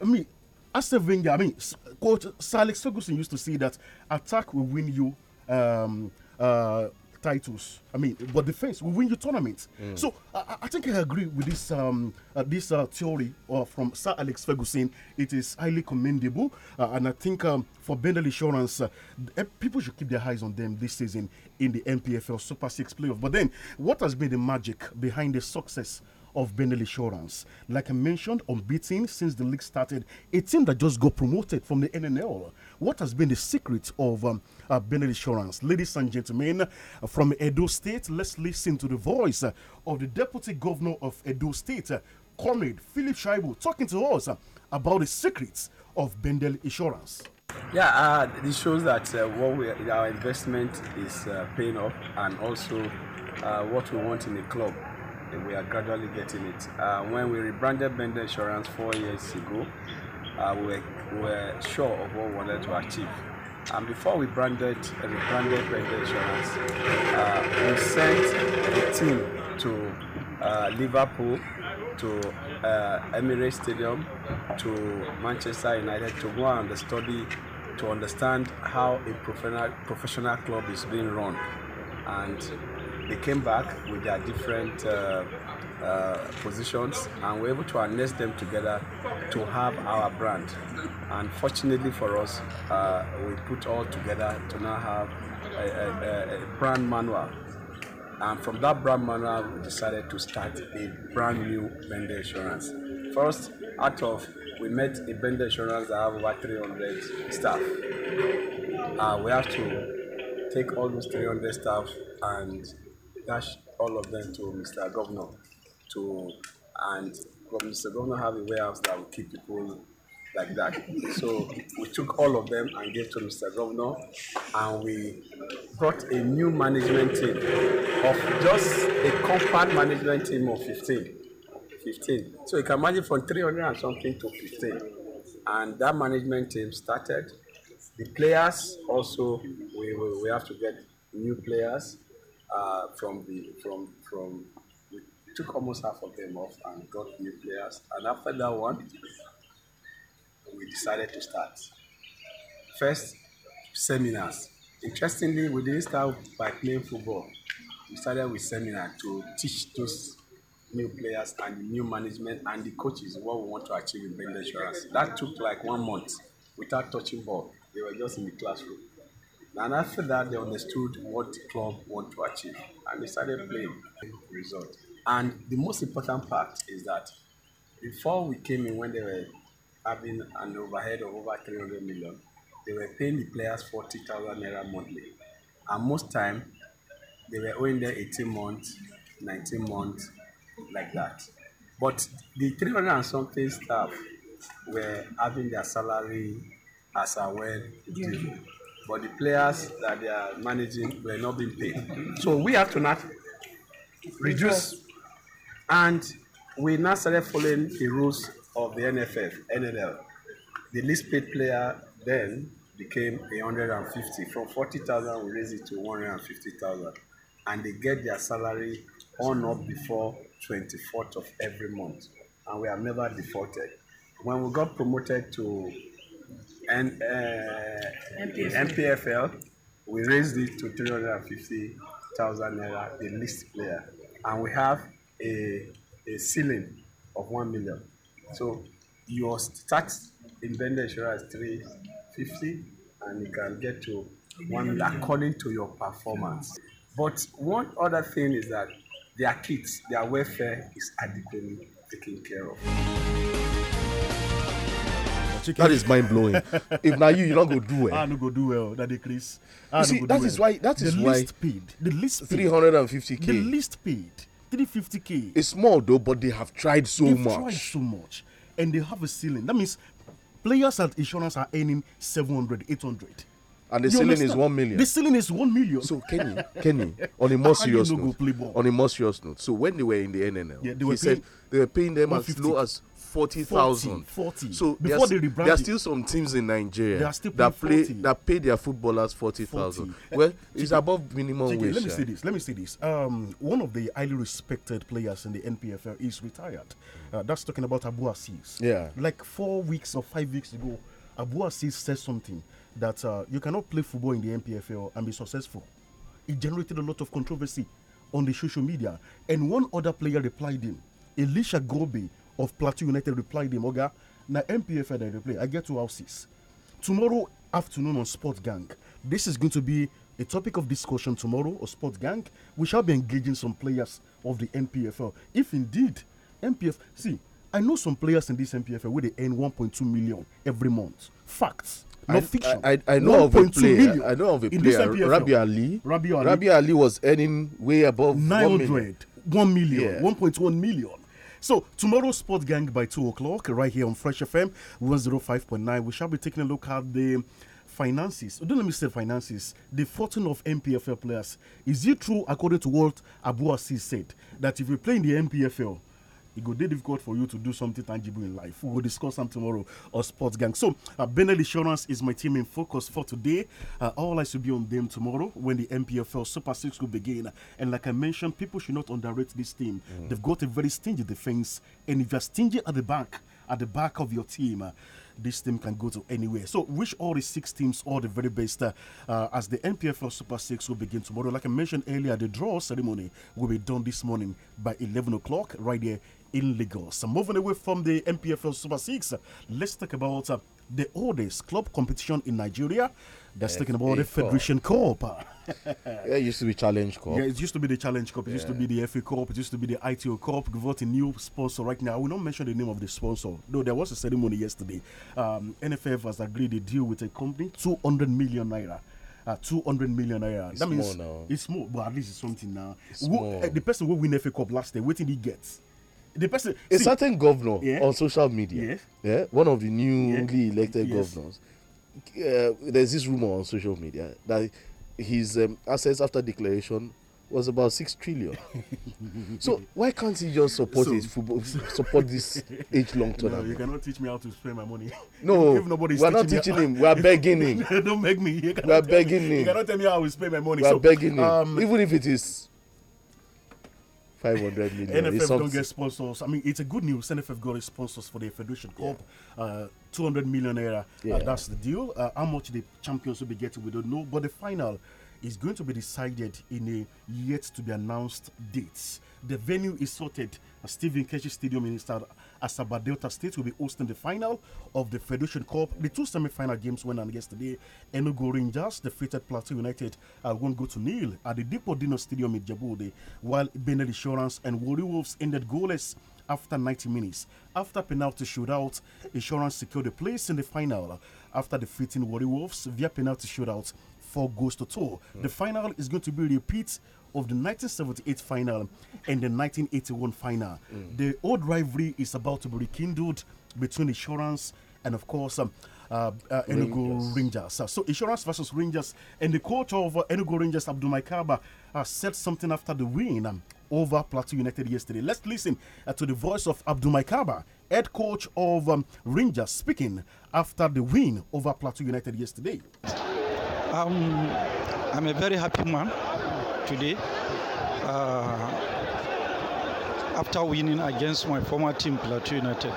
Speaker 2: I mean, a Wenger, I mean, quote, Sir Alex Ferguson used to say that attack will win you um, uh, titles. I mean, but defense will win the tournaments. Mm. So I, I, think I agree with this um, uh, this uh, theory uh, from Sir Alex Ferguson. It is highly commendable, uh, and I think um, for Bendel Insurance, uh, eh, people should keep their eyes on them this season in the NPFL Super Six playoff. But then, what has been the magic behind the success? of Benel Insurance. Like I mentioned, unbeaten since the league started, a team that just got promoted from the NNL. What has been the secret of um, uh, Benel Insurance? Ladies and gentlemen, uh, from Edo State, let's listen to the voice uh, of the Deputy Governor of Edo State, uh, Comrade Philip Shaibu, talking to us about the secrets of Bendel Insurance.
Speaker 13: Yeah, uh, this shows that uh, what we, our investment is uh, paying off, and also what we want in the club we are gradually getting it. Uh, when we rebranded Bender Insurance four years ago, uh, we, were, we were sure of what we wanted to achieve. And before we branded, uh, rebranded Bender Insurance, uh, we sent a team to uh, Liverpool, to uh, Emirates Stadium, to Manchester United to go and study to understand how a professional, professional club is being run. And they came back with their different uh, uh, positions and we're able to harness them together to have our brand. And fortunately for us, uh, we put all together to now have a, a, a brand manual. And from that brand manual, we decided to start a brand new vendor insurance. First, out of we met a vendor insurance that have over 300 staff. Uh, we have to take all those 300 staff and dash all of them to Mr. Governor. To and Mr. Governor have a warehouse that will keep people like that. So we took all of them and gave to Mr. Governor, and we brought a new management team of just a compact management team of 15. 15. So you can imagine from 300 and something to 15. And that management team started. The players also, we, we, we have to get new players uh, from the from from we took almost half of them off and got new players. And after that one, we decided to start first seminars. Interestingly, we didn't start by playing football. We started with seminar to teach those new players and new management and the coaches what we want to achieve in Benin Insurance. That took like one month without touching ball. They were just in the classroom. And after that, they understood what the club want to achieve, and they started playing. Result. And the most important part is that before we came in, when they were having an overhead of over 300 million, they were paying the players 40,000 naira monthly. And most time, they were owing them 18 months, 19 months, like that. But the 300 and something staff were having their salary as a well due but the players that they are managing were not being paid. So we have to not reduce, and we now started following the rules of the NFF, NNL. The least paid player then became 150. From 40,000, we raised it to 150,000, and they get their salary on up before 24th of every month, and we have never defaulted. When we got promoted to and uh,
Speaker 5: MPFL.
Speaker 13: we raised it to 350,000 naira, the list player. And we have a, a ceiling of 1 million. So your tax in vendor insurance is 350 and you can get to 1 according to your performance. But one other thing is that their kids, their welfare is adequately taken care of. chicken.
Speaker 2: that is mind blowing. if now you, you don't go
Speaker 13: do well. Eh? I ah, no go do well. That ah,
Speaker 2: decrease. you see, that is well. why. That is the why. The least paid. The least. Three hundred and fifty k. The least paid. Three fifty k. It's small though, but they have tried so They've much. Tried so much, and they have a ceiling. That means players at insurance are earning 700, 800. And the you ceiling understand? is one million. The ceiling is one million. So Kenny, Kenny, on a more serious note, on a more serious note. So when they were in the NNL, yeah, they were he paying, said they were paying them as low as 40 thousand. 40, 40. So before they rebrand, there are still some teams in Nigeria that play 40. that pay their footballers forty thousand. Well, it's above minimum wage. Let me say this. Let me say this. Um, one of the highly respected players in the NPFL is retired. Uh, that's talking about Abu Aziz. Yeah. Like four weeks or five weeks ago, Abu Aziz said something that uh, you cannot play football in the NPFL and be successful. It generated a lot of controversy on the social media. And one other player replied him, Elisha Gobe, of Plateau United replied him, Oga, now MPFL they reply. I get two houses. Tomorrow afternoon on Sport Gang, this is going to be a topic of discussion tomorrow on Sport Gang. We shall be engaging some players of the MPFL. If indeed MPF, see, I know some players in this MPFL where they earn 1.2 million every month. Facts. Not fiction. I, I, I know of a player. I know of a player. Rabi Ali. Rabi Ali. Rabi Ali was earning way above 900, 1 million. 1 million, yeah. 1.1 million so, tomorrow, Sport Gang by 2 o'clock, right here on Fresh FM 105.9, we shall be taking a look at the finances. Oh, don't let me say finances. The fortune of MPFL players. Is it true, according to what Abu Assis said, that if you play in the MPFL, it go be difficult for you to do something tangible in life. We'll discuss some tomorrow or Sports Gang. So, uh, Bennett Insurance is my team in focus for today. Uh, all eyes will be on them tomorrow when the MPFL Super Six will begin. And like I mentioned, people should not underrate this team. Mm. They've got a very stingy defense, and if you're stingy at the back, at the back of your team. Uh, this team can go to anywhere. So wish all the six teams all the very best uh, uh, as the NPFL Super Six will begin tomorrow. Like I mentioned earlier, the draw ceremony will be done this morning by 11 o'clock right here in Lagos. Moving away from the MPFL Super Six, let's talk about uh, the oldest club competition in Nigeria. That's F talking about the Federation Cup. yeah, it used to be Challenge Cup. Yeah, it used to be the Challenge Cup. It yeah. used to be the FA Cup. It used to be the ITO Cup. We've got a new sponsor right now. I will not mention the name of the sponsor, though there was a ceremony yesterday. Um, NFF has agreed a deal with a company, 200 million naira. Uh, 200 million naira. It's that means more it's more, but at least it's something now. Who, uh, the person who win FA Cup last year, what did he get? the person a see, certain governor yeah. on social media yeah. yeah one of the newly yeah. elected yes. governors uh, there's this rumor on social media that his um, assets after declaration was about six trillion. so why can't he just support so, his football, support this age-long tournament? No, you cannot teach me how to spend my money. No, if, if we're not teaching him. We're begging him. Don't beg me. We're begging him. You cannot tell me how to spend my money. We're so, begging him. Um, Even if it is 500 million. NFF don't get sponsors. I mean, it's a good news. NFF got sponsors for the Federation Cup. Yeah. Uh, 200 million era. Uh, yeah. Uh, that's the deal. Uh, how much the champions will be getting, we don't know. But the final is going to be decided in a yet to be announced date. The venue is sorted. Stephen Keshi Stadium in Asaba Delta State will be hosting the final of the Federation Cup. The two semi-final games went on yesterday. Enugu Rangers defeated Plateau United uh, won't go to nil at the Depot Dino Stadium in Djibouti, while Benel Insurance and Warri Wolves ended goalless after 90 minutes. After penalty shootout, Insurance secured a place in the final after defeating Warri Wolves via penalty shootout 4 goes to tour. Mm. The final is going to be a repeat of the 1978 final and the 1981 final. Mm. The old rivalry is about to be rekindled between insurance and, of course, um, uh, uh, Enugu Rangers. Rangers. Uh, so Insurance versus Rangers, and the coach of uh, Enugu Rangers, Abdul Maikaba, uh, said something after the win um, over Plateau United yesterday. Let's listen uh, to the voice of Abdul Maikaba, head coach of um, Rangers, speaking after the win over Plateau United yesterday. Um,
Speaker 14: I'm a very happy man today. Uh, after winning against my former team, Plateau United,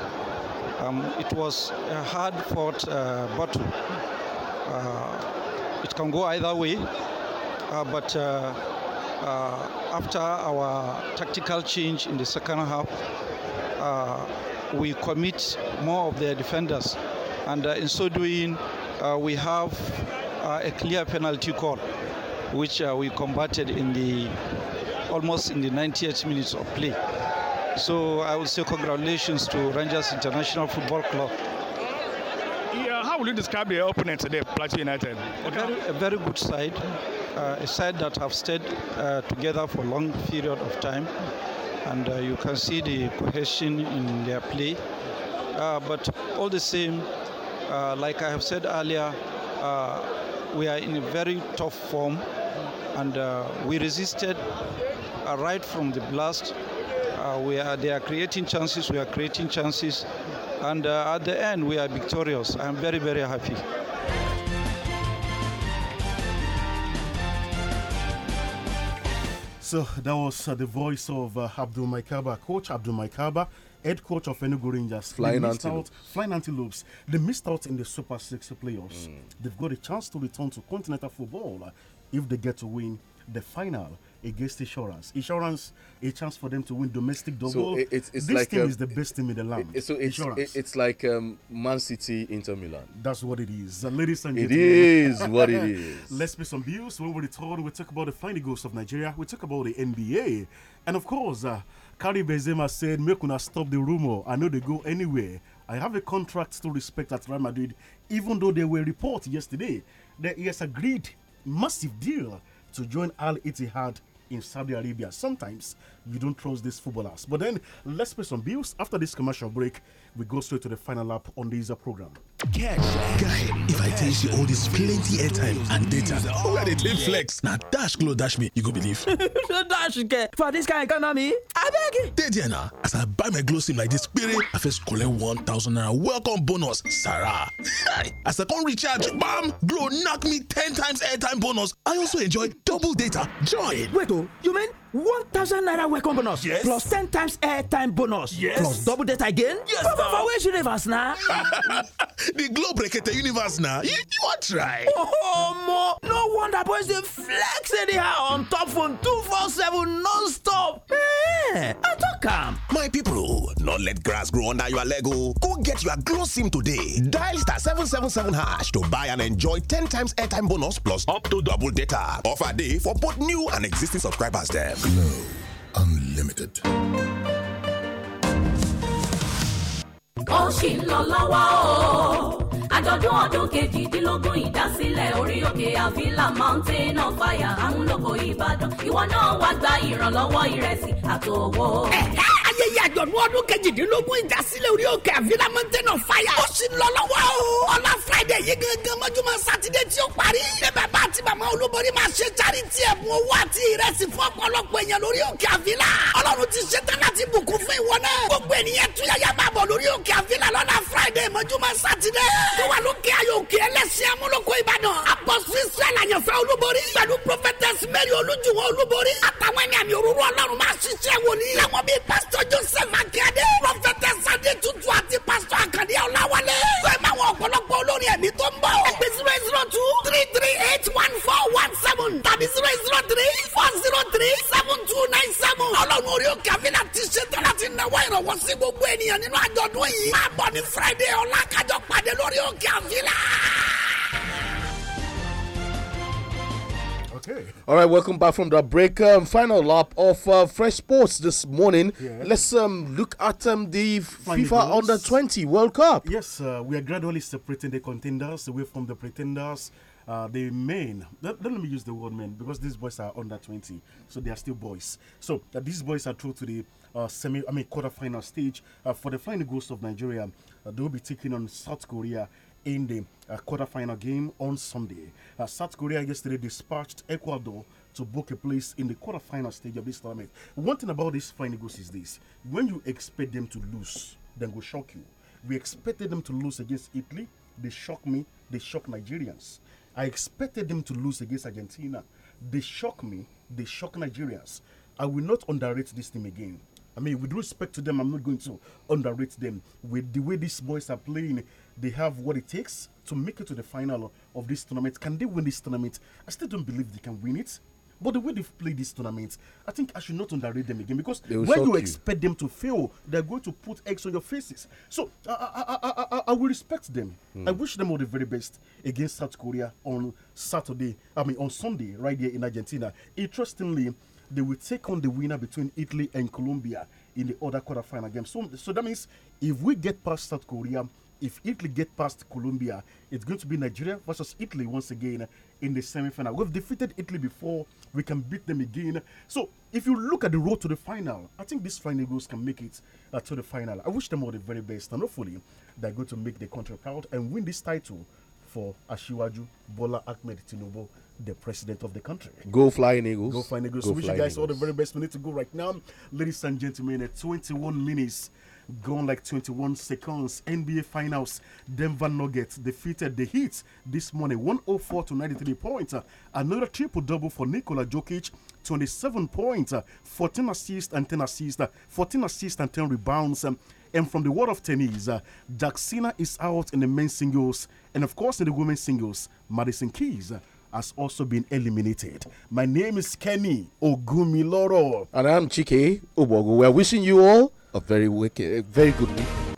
Speaker 14: um, it was a hard fought uh, battle. Uh, it can go either way, uh, but uh, uh, after our tactical change in the second half, we commit more of their defenders, and in so doing, we have uh, a clear penalty call, which uh, we combated in the almost in the 98 minutes of play. So I would say congratulations to Rangers International Football Club. Yeah, how would you describe their opponent today, Plateau United? A very, a very good side, uh, a side that have stayed uh, together for a long period of time, and uh, you can see the cohesion in their play. Uh, but all the same, like I have said earlier, we are in a very tough form and uh, we resisted uh, right from the blast. Uh, we are, they are creating chances, we are creating chances, and uh, at the end we are victorious. I'm very, very happy. So that was uh, the voice of
Speaker 2: uh, Abdul Maikaba, coach Abdul Maikaba head coach of Enugu Rangers, flying antelopes. Out, flying antelopes. They missed out in the Super Six playoffs. Mm. They've got a chance to return to continental football uh, if they get to win the final against insurance. Insurance, a chance for them to win domestic double. So it, it's, it's this like team um, is the best team in the land. It, so it's, insurance. It, it's like um, Man City, Inter Milan. That's what it is. Uh, ladies and gentlemen. It is what it is. Let's pay some bills. When we return, we talk about the flying goals of Nigeria. We talk about the NBA. And of course, uh, Kari Benzema said, Make una stop the rumor. I know they go anywhere. I have a contract to respect at Real Madrid, even though there were reports yesterday that he has agreed massive deal to join Al Ittihad in Saudi Arabia. Sometimes you don't trust these footballers. But then let's pay some bills after this commercial break we go straight to the final lap on this program.
Speaker 3: Guy, if I tell you all this plenty airtime and data, oh, where they take flex? Now dash glow dash me, you go believe. dash get for this kind economy, I beg you. Dey there now, as I buy my glow sim like this, spirit, I first collect one thousand naira welcome bonus, Sarah. as I come recharge, bam, glow knock me ten times airtime bonus. I also enjoy double data. Join. Wait, oh, you mean
Speaker 10: One thousand naira welcome
Speaker 3: bonus yes plus ten times airtime bonus yes plus double data again yes but for which universe na the globe brekete universe na you wan
Speaker 9: try oh mo no wonder boys dey flex anyhow on top phone 247 non-stop ehn
Speaker 3: i tok am my pipo no let grass grow under your leg o oh. go get your glow sim today dial star seven seven seven hash to buy and enjoy ten times airtime bonus plus up to double data offer dey for both new and existing subscribers dem Glow Unlimited.
Speaker 5: ó ṣì ń lọ lọ́wọ́ o àjọ̀dún ọdún kejìdínlógún ìdásílẹ̀ orí òkè àfílà mountain of fire àmúlòkọ ìbàdàn ìwọ náà wá gba ìrànlọ́wọ́ ìrẹsì àtòwò.
Speaker 9: ẹ̀ka ayẹyẹ àjọ̀dún ọdún kejìdínlógún ìdásílẹ̀ orí òkè àfíìlà mountain of fire. ó sì lọ lọ́wọ́ o. ọ̀la friday yìí gangan mọ́júmọ́ sátidé tí ó parí. ní bàbá àti màmá olúborí máa ṣe charity ẹ̀bùn owó àti ìrẹsì fún ọ̀pọ̀lọpọ̀ èèyàn lórí òkè àfíìlà. ọlọ́run ti ṣetán láti bùkún fún ìwọ náà. gbogbo ènìyàn tún máa bọ̀ lórí òkè àfíìlà lọ́la friday mọ́júmọ́ sátidé. tó wà lókè ayò òkè ẹlẹ́sìn amúlòkó ìbàdàn. apọ́sù israẹl àyànfẹ́ olúborí. pẹ̀lú prophetess mary olújùwọ̀n olúborí. àtàwọn ẹni àmì òróró ọlọ́run máa ṣiṣẹ́ joseph akíade prophetess sadi tutu àti pastor akande ọláwálé fẹ́ máa wọ ọ̀pọ̀lọpọ̀ olórin ẹ̀mí tó ń bọ̀ ẹgbẹ́ zero zero two three three eight one four one seven tàbí zero zero three four zero three seven two nine seven ọlọ́run orí òkè àfihàn ti ṣe tán láti náwó ìrànwọ́ sí gbogbo ènìyàn nínú àjọ̀dún yìí máa bọ̀ ní friday ọ̀la kájọ pàdé lórí òkè àfihàn.
Speaker 5: Okay.
Speaker 2: All right, welcome back from the break. Um, final lap of uh, Fresh Sports this morning. Yeah. Let's um, look at um, the FIFA goals. Under 20 World Cup. Yes, uh, we are gradually separating the contenders away from the pretenders. Uh, the men, let, let, me use the word men because these boys are under 20, so they are still boys. So uh, these boys are through to the uh, semi, I mean, quarter-final stage uh, for the flying ghosts of Nigeria. Uh, they will be taking on South Korea in the uh, quarterfinal game on Sunday. Uh, South Korea yesterday dispatched Ecuador to book a place in the quarterfinal stage of this tournament. One thing about this final Eagles is this when you expect them to lose, then go shock you. We expected them to lose against Italy, they shocked me, they shocked Nigerians. I expected them to lose against Argentina, they shocked me, they shocked Nigerians. I will not underrate this team again. I mean, with respect to them, I'm not going to underrate them. With the way these boys are playing, they have what it takes to make it to the final of this tournament. Can they win this tournament? I still don't believe they can win it. But the way they've played this tournament, I think I should not underrate them again because when you, expect them to fail, they're going to put eggs on your faces. So I, I, I, I will respect them. Mm. I wish them all the very best against South Korea on Saturday, I mean, on Sunday, right here in Argentina. Interestingly, they will take on the winner between Italy and Colombia in the other quarterfinal game. So, so that means if we get past South Korea, if Italy get past Colombia, it's going to be Nigeria versus Italy once again in the semi-final. We've defeated Italy before; we can beat them again. So, if you look at the road to the final, I think these final girls can make it uh, to the final. I wish them all the very best, and hopefully, they're going to make the country proud and win this title for Ashiwaju Bola Ahmed Tinubu, the president of the country. Go flying Eagles. Go flying Eagles. Go so wish you guys Eagles. all the very best. We need to go right now. Ladies and gentlemen, at 21 minutes gone like 21 seconds. NBA Finals, Denver Nuggets defeated the Heat this morning 104 to 93 points. Another triple double for Nikola Jokic 27 points, 14 assists and 10 assists, 14 assists and 10 rebounds. And from the world of tennis, uh, is out in the men's singles, and of course in the women's singles, Madison Keys uh, has also been eliminated. My name is Kenny Ogumiloro, and I'm Chike
Speaker 3: Obogo. We're wishing you all a very wicked, a very good weekend.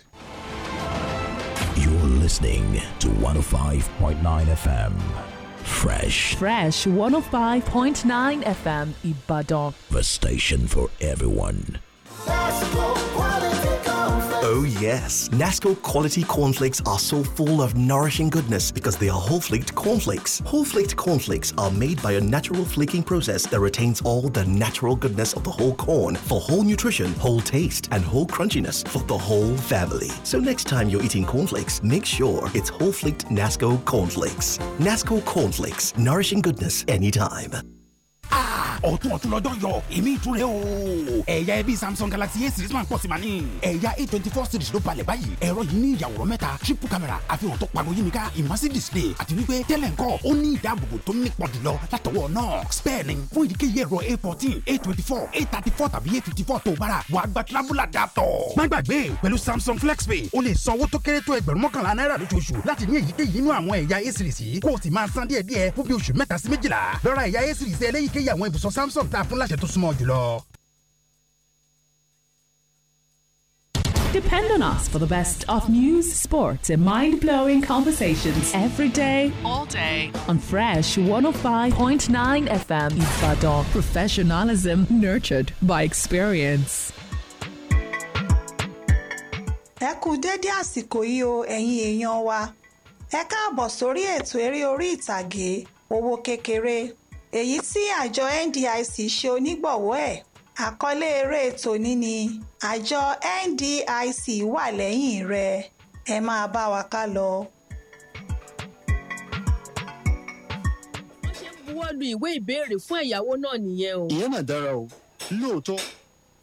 Speaker 3: You're listening to 105.9 FM. Fresh. Fresh
Speaker 12: 105.9 FM Ibadan.
Speaker 3: The station for everyone. Oh, yes. Nasco quality cornflakes are so full of nourishing goodness because they are whole flaked cornflakes. Whole flaked cornflakes are made by a natural flaking process that retains all the natural goodness of the whole corn for whole nutrition, whole taste, and whole crunchiness for the whole family. So next time you're eating cornflakes, make sure it's whole flaked Nasco cornflakes. Nasco cornflakes, nourishing goodness anytime. ọ̀tún ọ̀tún lọ́jọ́ yọ èmi ìtúre o. ẹ̀yà ẹbí samsung galaxy a series máa ń pọ̀ sí màní. ẹ̀yà a twenty four series ló balẹ̀ báyìí ẹ̀rọ yìí ní ìyàwòrán mẹ́ta triple camera àfihàn tó pariwo yìí nìka immersive display àti wípé tẹ́lẹ̀ ńkọ́ ó ní ìdáàbòbò tó nípọn jùlọ látọwọ́ knox bẹ́ẹ̀ ni fún ìdíkéyìí ẹ̀rọ a fourteen a twenty four a thirty four tàbí a fifty four tó bára wàá gba travel adapter. má gbàgbé pẹ̀lú samsung flexpay o lè san owó tó kéré tó ẹgbẹ̀rún mọ́kànlá náírà lóṣooṣù láti ní èyíkéyìí inú àwọn ẹ̀yà a series yìí kó o sì máa san díẹ̀díẹ̀ fún bí oṣù mẹ́ta sí méjìlá lọ́ra ẹ̀yà a series eléyìíkéyìí àwọn ibùsọ̀ àwọn samsung tá a fún láṣẹ tó súnmọ́ jùlọ.
Speaker 12: Depend on us for the best of news, sports, and mind blowing conversations every day,
Speaker 15: all day
Speaker 12: on Fresh 105.9 FM Ibadan. Professionalism nurtured by experience.
Speaker 4: ẹ kú dédé àsìkò yìí o ẹ̀yin èèyàn wa ẹ káàbọ̀ sórí ètò eré orí ìtàgé owó kékeré èyí tí àjọ ndic ṣe onígbọ̀wọ́ ẹ̀ àkọlé eré tòní ni àjọ ndic wà lẹ́yìn rẹ ẹ máa bá
Speaker 12: wa ká lọ. wọ́n ṣe ń buwọ́ lu ìwé ìbéèrè fún ẹ̀yáwó náà nìyẹn o. ìyẹn náà dára o lóòótọ́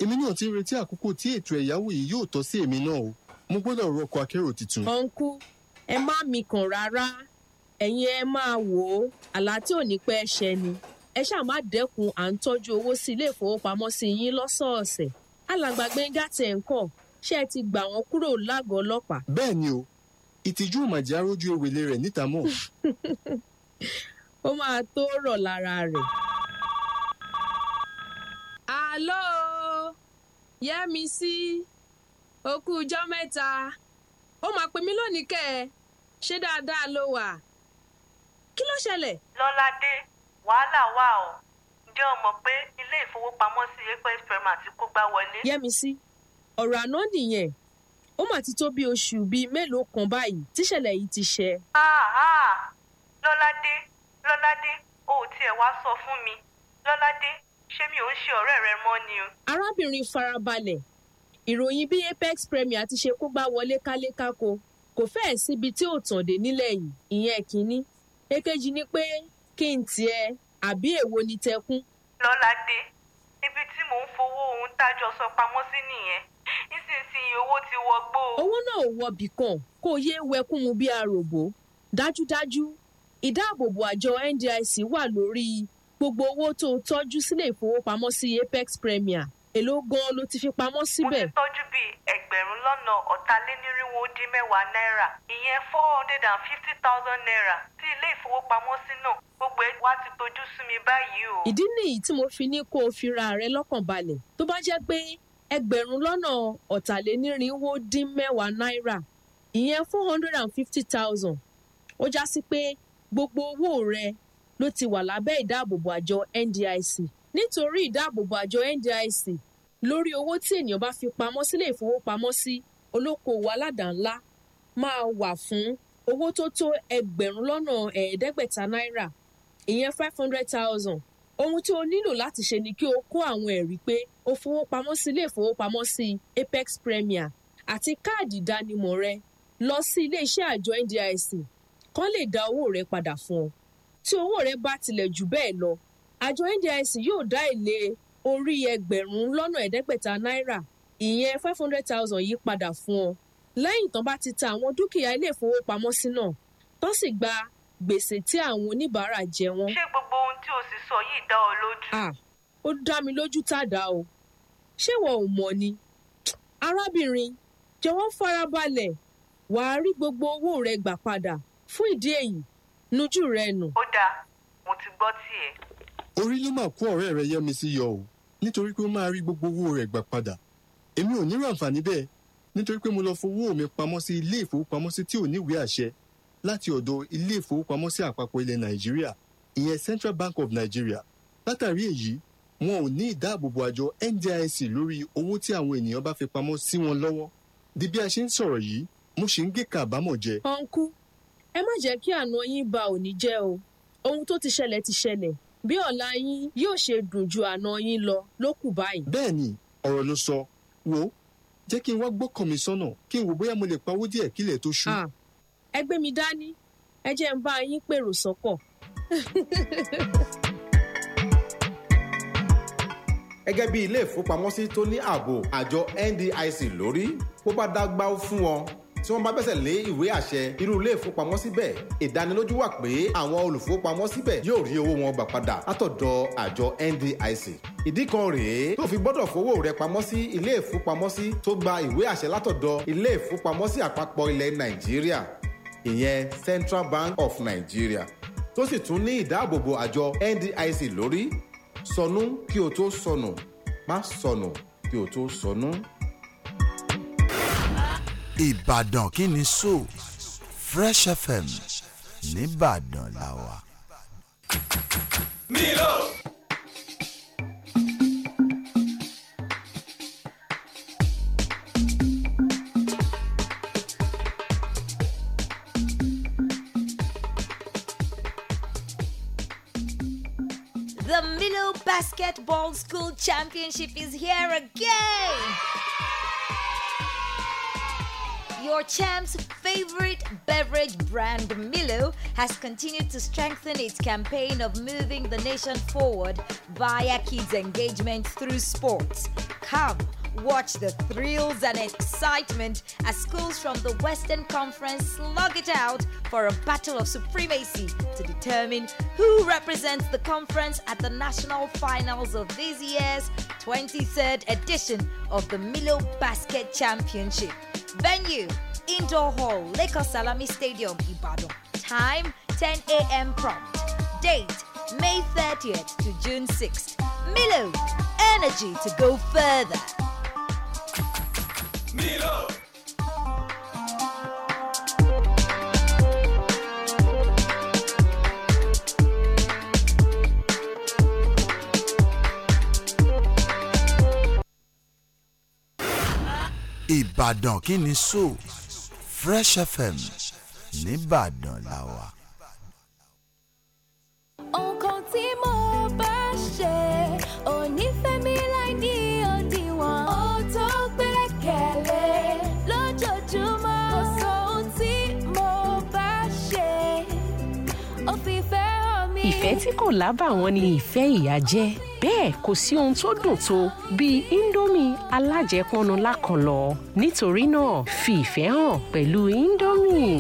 Speaker 12: èmi
Speaker 16: náà ti ń retí àkókò tí ètò ẹ̀yáwó yìí yóò tọ́ sí èmi náà o mo gbọ́dọ̀ rọkọ̀ akérò tuntun. ọ̀nkú
Speaker 12: ẹ má mi rárá ẹ̀yin ẹ máa wò ó àlá tí ò ní pẹ́ ṣẹ ni ẹ ṣáà má dẹ́kun à ń tọ́jú owó sí ilé ìfowópamọ́sí yín lọ́sọ̀ọ̀sẹ̀ alàgbà Gbẹ́ngà tẹ̀ ń kọ̀ ṣé ẹ ti gbà wọ́n kúrò lágọ̀ọ́ ọlọ́pàá. bẹ́ẹ̀ ni o ìtìjú ìmọ̀jì arójú ewele rẹ̀ níta mọ́. ó máa tó rọ̀ lára rẹ̀. àlọ́ Yẹ́misí ó kú ọjọ́ mẹ́ta ó máa pè mí lónìí kẹ́ ẹ ṣé dáadáa ló wà kí ló ṣẹlẹ̀. lọ́ládé
Speaker 17: wàhálà wà o ǹjẹ́ o mọ̀ pé ilé ìfowópamọ́sí Apex Premier ti kó gbá wọlé.
Speaker 12: yẹ́misí ọ̀rọ̀ àná nìyẹn ó mà ti tó bí oṣù bíi mélòó kan báyìí tíṣẹ̀lẹ̀ yìí ti ṣẹ.
Speaker 17: lọ́ládé lọ́ládé o ò tiẹ̀ wá sọ fún mi lọ́ládé ṣé mi ò ń ṣe ọ̀rẹ́ rẹ mọ́ ni o.
Speaker 12: arábìnrin farabalẹ̀ ìròyìn bí Apex Premier ti ṣe kó gbá wọlé kálékáko kò fẹ́ẹ̀ síbi tí ò tàn dé nílẹ̀ yìí ìyẹn kínní èkejì ni pé kí n tiẹ̀ àbí èwo ni tẹkún. lọ́ládé ibi tí mò ń fowó ohun tájọ sọ pamọ́ sí nìyẹn
Speaker 5: nísinsìnyí
Speaker 12: owó ti wọgbó. owó náà ò wọbì kan kó yé wẹkùn mu bí arògbó dájúdájú ìdáàbòbò àjọ NDIC wà lórí gbogbo owó tó tọ́jú sílé ìfowópamọ́sí Apex Premier èló gan-an ló ti fi pamọ́ síbẹ̀. mo ti
Speaker 17: tọ́jú bíi ẹgbẹ̀rún
Speaker 12: lọ́nà ọ̀tàlénírínwó dín mẹ́wàá náírà
Speaker 17: ìyẹn four hundred and fifty thousand naira ilé ìfowópamọ́sí náà gbogbo ẹ wá ti tojú
Speaker 12: sú mi báyìí o. ìdí nìyí tí mo fi ní kó o fira rẹ lọ́kàn balẹ̀ tó bá jẹ́ pé ẹgbẹ̀rún lọ́nà ọ̀tàlénírínwó dín mẹ́wàá náírà ìyẹn four hundred and fifty thousand ó já sí pé gbogbo owó rẹ ló ti wà lábẹ́ ìdáàbòbò àjọ NDIC nítorí ìdáàbòbò àjọ NDIC lórí owó tí ènìyàn bá fi pamọ́ sílé ìfowópamọ́sí olókoòwò aládàá ńlá máa wà fún owó tó tó ẹgbẹ̀rún lọ́nà ẹ̀ẹ́dẹ́gbẹ̀ta náírà ìyẹn five hundred thousand ohun tí o nílò láti ṣe ni kí o kó àwọn ẹ̀rí pé o fowópamọ́ sí ilé ìfowópamọ́sí apex premier àti káàdì ìdánimọ̀ rẹ lọ sí iléeṣẹ́ àjọ ndic kán lè dá owó rẹ padà fún ọ tí owó rẹ bá tilẹ̀ jù bẹ́ẹ̀ lọ àjọ ndic yóò dá èlé orí ẹgbẹ̀rún lọ́nà ẹ̀ẹ́dẹ́gbẹ̀ta náírà ìyẹn five hundred thousand yìí padà fún ọ lẹ́yìn tán bá ti ta àwọn dúkìá ilé ìfowópamọ́sí náà tán sì gba gbèsè tí àwọn oníbàárà jẹ wọ́n. ṣé gbogbo ohun tí o sì sọ yìí dá ọ lójú. ah ó dá mi lójú tàdá o ṣé wọn ò mọ̀ ni arábìnrin jọ̀wọ́ farabalẹ̀ wàá rí gbogbo owó rẹ gbà padà fún ìdí èyí nujú rẹ nù. ó dáa mo ti
Speaker 16: gbọ́ tiẹ̀. orí ló máa kó ọ̀rẹ́ rẹ yẹ́mi sí yọ o nítorí pé ó máa rí gbogbo owó rẹ̀ gbà padà èmi ò nírò àǹfààní bẹ́ẹ̀ nítorí pé mo lọ fowó mi pamọ́ sí ilé ìfowópamọ́sí tí ò níwèé àṣẹ láti ọ̀dọ̀ ilé ìfowópamọ́sí àpapọ̀ ilẹ̀ nàìjíríà ìyẹn Central Bank of Nigeria látàrí èyí wọn ò ní ìdáàbòbò àjọ NDIC lórí owó tí àwọn ènìyàn bá fi pamọ́ sí wọn lọ́wọ́ di bí a ṣe ń sọ̀rọ̀ yìí mo ṣì ń gé kàbámọ̀ jẹ.
Speaker 12: ọ̀nkú ẹ má jẹ́ kí àná yín ba òní jẹ́ o ohun tó ti ṣẹlẹ̀ ti ṣẹlẹ̀ bí ọ̀la yín yóò ṣe dùn ju àná yín lọ ló báyìí.
Speaker 16: bẹ́ẹ̀ni ọ̀rọ̀ ló sọ wo jẹ́ kí n wá gbọ́kàn mi sọ́nà kí n wò bóyá mo lè pawó díẹ̀ kílẹ̀ tó ṣú. Ah,
Speaker 12: ẹ gbé mi dání ẹ jẹ́ ń bá yín pèrò sọ́kọ̀.
Speaker 2: gẹ́gẹ́ bí ilé ìfowópamọ́sí tó ní ààbò àjọ NDIC lórí bó bá dágbà fún ọ tí wọ́n bá gbẹ́sẹ̀ lé ìwé
Speaker 8: àṣẹ irú ilé ìfowópamọ́sí bẹ́ẹ̀ ìdánilójú wà pé àwọn olùfowópamọ́sí bẹ́ẹ̀ yóò rí owó wọn gbà padà látọ̀dọ̀ àjọ NDIC ìdí kan rèé tó fi gbọ́dọ̀ fowó rẹ pamọ́ sí ilé ìfowópamọ́sí tó gba ìwé àṣẹ látọ̀dọ̀ ilé ìfowópamọ́sí àpapọ̀ ilẹ̀ Nàìjíríà
Speaker 2: ìyẹn Central Bank of Nigeria tó sì tún ní ìdáàbòbò àjọ NDIC lórí sọnù kí o tó sọnù má sọnù kí o tó sọnù. Ìbàdàn kí ni so
Speaker 8: Fresh FM nìbàdàn la wà.
Speaker 5: Milo.
Speaker 11: The Milo Basketball School Championship is here again your champ's favorite beverage brand Milo has continued to strengthen its campaign of moving the nation forward via kids' engagement through sports. Come, watch the thrills and excitement as schools from the Western Conference slug it out for a battle of supremacy to determine who represents the conference at the national finals of this year's 23rd edition of the Milo Basket Championship. Venue Indoor Hall, Lagos Salami Stadium, Ibadan. Time 10 a.m. prompt. Date May 30th to June 6th. Milo, energy to go further.
Speaker 5: Milo!
Speaker 8: Ìbàdàn kí ni so Fresh FM nìbàdàn la wà.
Speaker 5: nǹkan tí mo bá ṣe ò ní fẹ́ mi láì ní òdiwọ̀n ó
Speaker 12: tó gbẹ́kẹ̀lé lójoojúmọ́ kò sọ ohun tí mo bá ṣe ó fi fẹ́ hàn mí. ìfẹ́ tí kò lábàwọ́n ni ìfẹ́ ìyá jẹ́ bẹ́ẹ̀ kò sí ohun tó dùn tó bíi indomie alájẹpọnu lákànlọ́ nítorí náà fi ìfẹ́ hàn pẹ̀lú indomie.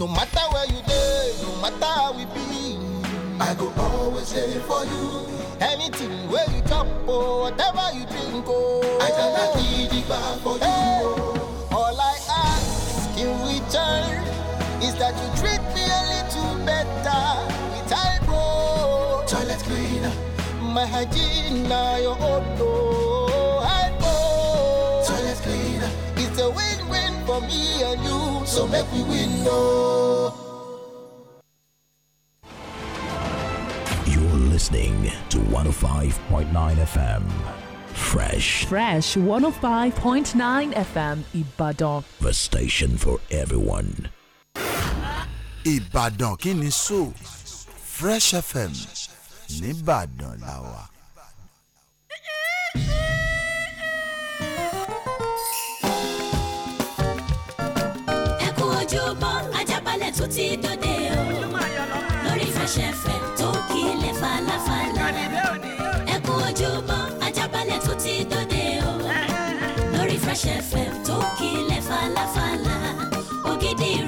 Speaker 6: No matter where you dey, no matter how we be, I go always dey for you. Anything wey you chop or oh, whatever you drink oh. I gada gidigba for you. Oh. Hey, all I ask in return. that you treat me a little better with eyebrow. Toilet cleaner. My hygiene your own. auto. Oh, eyebrow. Toilet cleaner. It's a win-win for me and you, so make me win, no. Oh.
Speaker 3: listening to 105.9 FM. Fresh.
Speaker 12: Fresh 105.9 FM Ibadan.
Speaker 3: The station for everyone. Ìbàdàn kí ni so Fresh FM nìbàdàn la wà.
Speaker 5: ẹ kú ojúbọ Ajábalẹ̀ tó ti dòde o lórí Fresh FM tó kílẹ̀ falafala ẹ kú ojúbọ Ajábalẹ̀ tó ti dòde o lórí Fresh FM tó kílẹ̀ falafala ògidì rẹ.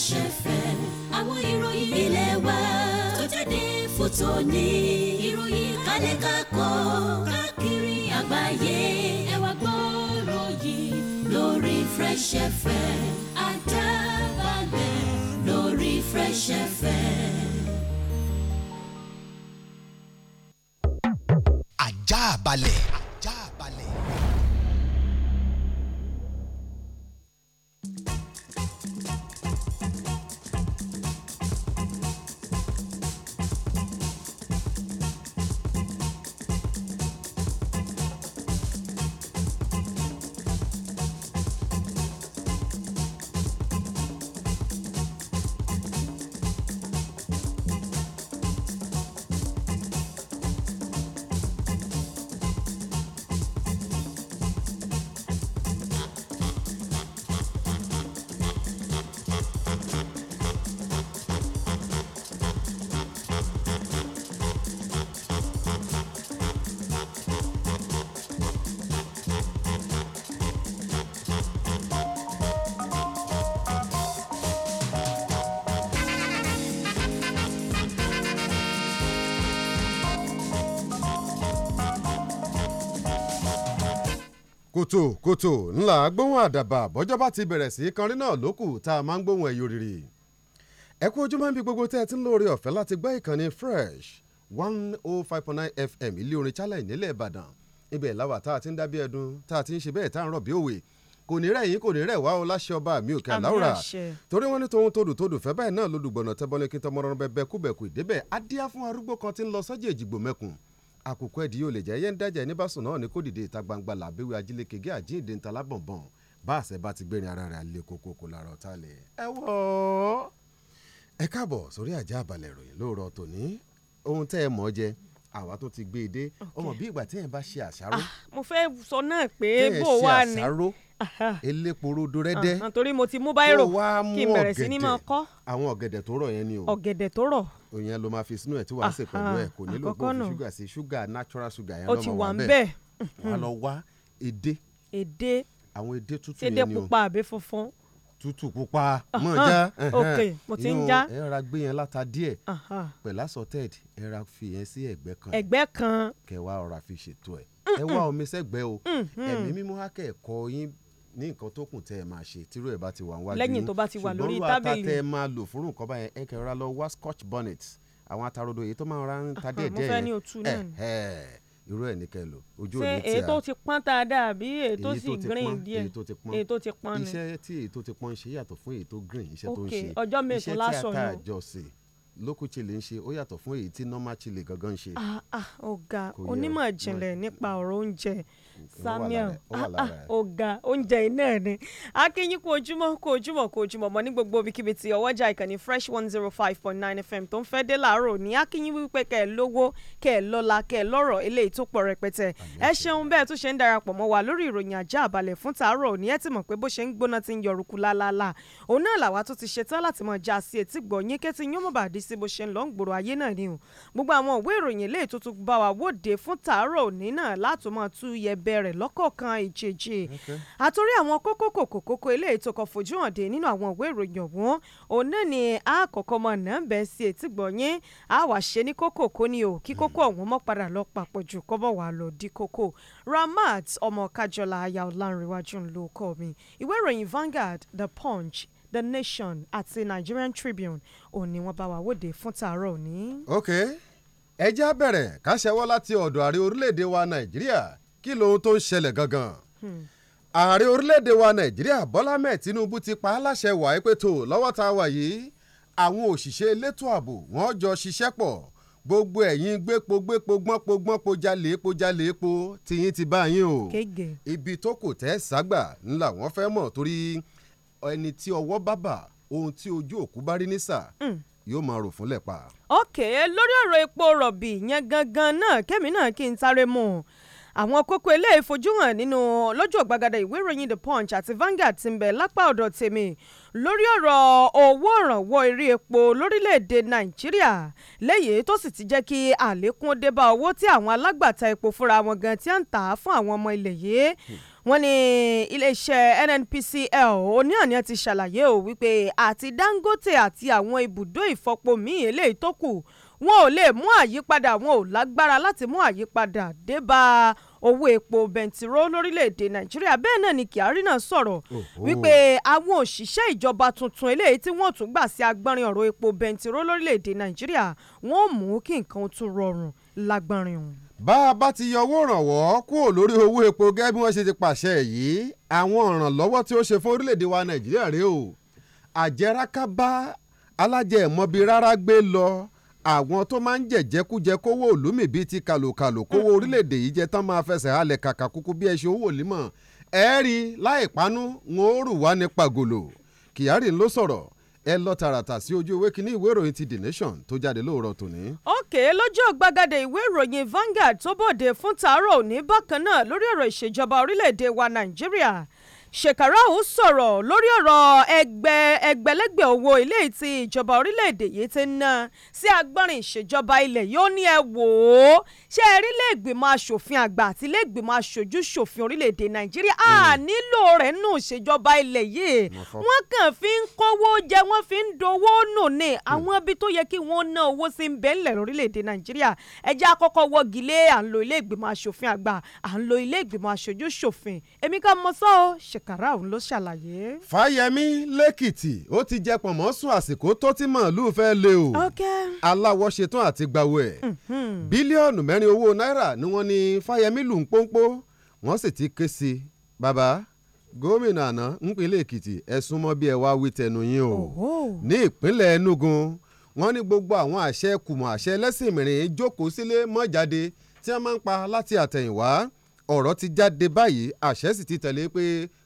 Speaker 5: Fresh FM àwọn ìròyìn ilé wa tó jáde fún tòní ìròyìn kálẹ̀ kakọ́ káàkiri àgbáyé ẹ wá gbọ́rọ̀ yìí lórí Fresh FM àdábàgbẹ̀ lórí Fresh FM.
Speaker 3: àjà balẹ̀.
Speaker 8: kùtùkùtù ńlá gbóhùn àdàbà bọ́jọ́ bá ti bẹ̀rẹ̀ sí kanrí náà lókù tá a máa ń gbóhùn ẹ̀yọ́ rírì. ẹ kú ojúmọ́ níbi gbogbo tẹ́ ẹ ti ń lóore ọ̀fẹ́ láti gbọ́ ìkànnì fresh one oh five point nine fm ilé orin challenge nílẹ̀ ìbàdàn ibẹ̀ làwà tá a ti ń dábí ẹdun tá a ti ń ṣe bẹ́ẹ̀ tá a ń rọ̀ bí òwe kò ní rẹ̀ yín kò ní rẹ̀ wá o láṣẹ ọba mi òkè àláwùrà torí wọn ní tòun tòdù tòdù fẹ́ báyìí náà lodùgbọ̀nà tẹ́bọ́lẹ́kí tọmọrán bẹ́ẹ̀ bẹ́ẹ̀ kú bẹ́ẹ̀ kú ìdébẹ̀ adíá fún arúgbó kan ti ń lọ sọ́jà èjìgbò mẹ́kùn àkùkọ ẹ̀dì yóò lè jẹ́ yẹn ń dájẹ́ ní báṣọ náà ní kó dìde ìta gbangba làbẹ́wé ajílékege àjíǹde ń ta lábọ̀nbọ̀n bá àṣẹ bá ti gbẹ̀rin ara rẹ̀ alẹ́ kókó kò lára ọ̀tá lẹ̀. ẹ wọ ẹ káàbọ̀ sórí àjà àbàlẹ̀ ìròyìn lóòrọ̀ tòní ohun tẹ́ ẹ mọ̀ jẹ àwa tó ti gbé e dé ọmọ bí ìgbà téèyàn bá ṣe àṣàrò. Ah,
Speaker 18: mo fẹ́ sọ náà pé bó o wà ní. téèyàn ṣe
Speaker 8: àṣàrò eléporodo rẹ́dẹ́. Ah, ah,
Speaker 18: torí mo ti mú báyìí rò kí n bẹ̀rẹ̀ sí ní máa kọ́.
Speaker 8: àwọn ọ̀gẹ̀dẹ̀ tó rọ̀ yẹn ni o. ọ̀gẹ̀dẹ̀ tó rọ̀ òyìn ló máa fi sínú ẹ̀ tí wàá sè pẹ̀lú ẹ̀ ah, kò nílò kó fi ṣúgà sí ṣúgà natural ṣúgà yẹn lọ́mọ wà bẹ́ẹ̀ wà lọ wá edé edé àwọn edé tútù yẹn ni o edé pupa àbí funfun tútù pupa mọ̀ já ok mo ti ń já ẹ ra gbé yẹn láta díẹ̀ pẹ̀lú assorted ẹ ra fi yẹn sí ẹ̀gbẹ́ kan ẹ̀gbẹ́ kan kẹwàá ọ̀rá fi ṣètò ẹ̀ mm, ẹ mm. wá omi sẹ́gbẹ́ o mm, ẹ̀mí mímú hákẹ́ ẹ̀kọ́ yín ní nǹkan tó kù tẹ́ ẹ máa ṣe tírú ẹ̀ bá ti wà wájú lẹ́yìn tó bá ti wà lórí tábìlì ṣùgbọ́n tẹ́ ẹ máa lò fún nǹkan báyẹn ẹ kẹrẹ́ra lọ wá scotch bonnet àwọn atarodo èyí tó máa ra ta díẹ̀ díẹ̀ yẹn irú ẹ̀ ní lò ojú òní tí a ṣe èyí tó
Speaker 18: ti pọ́n dáadáa bí èyí tó sì green díẹ̀ èyí tó ti pọ́n ni iṣẹ́
Speaker 8: tí èyí tó ti pọ́n ṣe yàtọ̀ fún èyí tó green iṣẹ́ tó ń ṣe iṣẹ́ tí a ta àjọ sí lókù chile ń ṣe ó yàtọ̀ fún èyí tí normal chile gangan ń ṣe.
Speaker 18: ọ̀gá ah, ah, onímọ̀ ìjìnlẹ̀ nípa ọ̀rọ̀ oúnjẹ
Speaker 8: Samuel ọ̀gá ah,
Speaker 18: ah, oúnjẹ iná ẹ̀ ni akínyìn kú ojúmọ́ kú ojúmọ́ kú ojúmọ́ mọ́ ní gbogbo ibikíbi tí ọwọ́jà ìkànnì fresh one zero five point nine fm tó ń fẹ́ dé láàárọ̀ ní akínyìn wípé kẹ́ ẹ lówó kẹ́ ẹ lọ́lá kẹ́ ẹ lọ́rọ̀ eléyìí tó pọ̀ rẹpẹtẹ ẹ ṣeun bẹ́ẹ̀ tó ṣe ń darapọ̀ mọ́ wa lórí ìròyìn ajá àbálẹ̀ fún tàárọ̀ ní ẹ ti mọ̀ pé bó ṣe ń gbóná ti ń yọrùkú lálálá òun náà làwa tó ti ṣetán láti mọ̀ já sí etí ni o gbogbo àwọn ìwé bẹ̀rẹ̀ lọ́kọ̀ọ̀kan ìjèjì àtòrí àwọn kókó kòkòkòkò eléyìí tó kọ fojú hàn dé nínú àwọn ìwé ìròyìn ọ̀hún òun náà ni a kọ̀kọ́ mọ̀ náà ń bẹ̀ sí etí gbọ̀nyìn a wà ṣe ní kókó kó ni o kí kókó ọ̀hún mọ́ padà lọ papọ̀ jù kọ́ bọ̀ wá lọ dí kókó Ramat ọmọ Kájọlá aya Ọlánrewájú ń lo ọkọ mi ìwé ìròyìn Vanguard The Punch The Nation àti Nigerian Tribune òní wọn bá wa wòde fún tàárọ̀ òní.
Speaker 8: ok ẹ já bẹ̀rẹ̀ ká ṣẹ́wọ́ láti ọ̀dọ̀ àrí orílẹ̀-èdè wa Nàìjíríà kí lohun tó ń ṣẹlẹ̀ gangan. Hmm. ààrẹ orílẹ̀-èdè wa nàìjíríà bọ́lá mẹ́ẹ̀ tinubu ti pa á láṣẹ wà pé tó lọ́wọ́ tá a wà yìí àwọn òṣìṣẹ́ elétò ààbò wọ́n jọ ṣiṣẹ́ pọ̀ gbogbo ẹ̀yin gbépo gbépo gbọ́npo gbọ́npo jalè epo jalè epo tiyín ti bá yín o ibi tó kò tẹ́ ságbà ńlá wọ́n fẹ́ mọ̀ torí ẹni tí ọwọ́ bábà ohun tí ojú òkú bá rí nísà hmm. yóò máa rò fúnlẹ̀ pa.
Speaker 18: ok lórí ọ̀rọ̀ epo rọ̀bì yẹn gangan náà kémi náà kí n sáré mú un àwọn kókó eléyìí fojú hàn nínú lójú ọ̀gbagadà ìwé ìròyìn the punch àti Vanguard ti ń bẹ lápá ọ̀dọ̀ tèmi lórí ọ̀rọ̀ owó ìrànwọ́ eré epo lórílẹ̀‐èdè nàìjíríà léyìí tó sì ti jẹ́ kí àlékún dé bá owó tí àwọn alágbàtà epo fúnra wọn gan ti ń tà á fún àwọn ọmọ ilẹ̀ yìí wọ́n ní iléeṣẹ́ nnpcl oníhànìyàn ti ṣàlàyé o wípé àti dangote àti àwọn ibùdó ìfọpo míì eléyìí tó kù wọn ò lè mú àyípadà wọn ò lágbára láti mú àyípadà dé bá owó epo bẹntiró lórílẹ̀‐èdè nàìjíríà bẹ́ẹ̀ náà ni kyari náà sọ̀rọ̀ wípé àwọn òṣìṣẹ́ ìjọba tuntun eléyìí tí wọ́n tún gbà sí agbọ́nrin ọ̀rọ̀ epo bẹntiró lórílẹ̀‐èdè nàìjíríà wọ́n mú kí nǹkan tún rọrùn lágbọ́nrin ọ̀hún.
Speaker 8: bá a bá ti yọ owó ìrànwọ́ kúrò lórí owó epo gẹ́gẹ́ bí wọ́n ṣe ti pàṣẹ yìí àwọn ìrànlọ́wọ́ tí ó ṣe fún orílẹ̀‐èdè wa nàìjíríà rèé o àjẹrákábá alájẹmọ́bi rárá gbé lọ àwọn tó máa ń jẹ̀jẹ́kújẹ kówó olómi bíi ti kàlòkàlò kówó mm-hmm. orílẹ̀-èdè yìí jẹ tán máa fẹsẹ̀ halẹ̀ kàkà kúkú bí ẹ ṣe owó límọ̀ ẹ rí láì panú ń òórùn wá ní pàgòlò Kyari ló sọ̀rọ̀ ẹ lọ tààràtà sí ojú ewé kínní ìwé ìròyìn ti The Nation tó jáde lóòrọ̀ tòní.
Speaker 18: òkè lójú ọ̀gbagadè ìwé ìròyìn Vanguard tó bòde fún tàárọ̀ òní bákan náà lórí ọ̀rọ̀ ìṣèjọba orílẹ̀ wa Nàìjíríà shekarau sọ̀rọ̀ lórí ọ̀rọ̀ ẹgbẹ́ ẹgbẹ̀lẹ́gbẹ̀ owó eléyìí tí ìjọba orílẹ̀-èdè yìí ti ń ná sí agbọ́nrin ìṣèjọba ilẹ̀ yóò ní ẹ wò ó ṣé ẹ rí lẹ́gbìmọ̀ asòfin àgbà àti lẹ́gbìmọ̀ aṣojú ṣòfin orílẹ̀-èdè nàìjíríà a hmm. nílò rẹ̀ nù ìṣèjọba ilẹ̀ yìí wọ́n kàn fi ń kówó jẹ wọ́n fi ń dowó nù ní hmm. àwọn ibi tó yẹ kí wọ́n ná owó sí ń bẹ ńlẹ̀ orílẹ̀-èdè nàìjíríà ẹ jẹ́ àkọ́kọ́ wọ́gi lé à ń lo ilé ìgbìmọ̀ asòfin àgbà à ń lo ilé ìgbìmọ̀ aṣojú ṣòfin èmi ká mọ sọ́ọ́ ṣ shekarau ló
Speaker 8: ṣàlàyé. fáyẹmí lẹ́kìtì ó ti jẹ pọ̀nmọ́ sùn àsìkò tó ti màálù fẹ́ lé o aláwọ̀ ṣetán àti gbawo ẹ̀ mhm. bílíọ̀nù mẹ́rin owó náírà ni wọ́n ní fáyẹmí lù ń pọ́npọ́ wọ́n sì ti ké sí i bàbá gómìnà àná ńpínlẹ̀ èkìtì ẹ̀sùn mọ́ bí ẹ wá wí tẹnu yín o ní ìpínlẹ̀ enugu wọ́n ní gbogbo àwọn àṣẹ kùmọ̀ àṣẹ ẹlẹ́sìn ọ̀rọ̀ ti jáde báyìí àṣẹ sì ti tẹ̀lé pé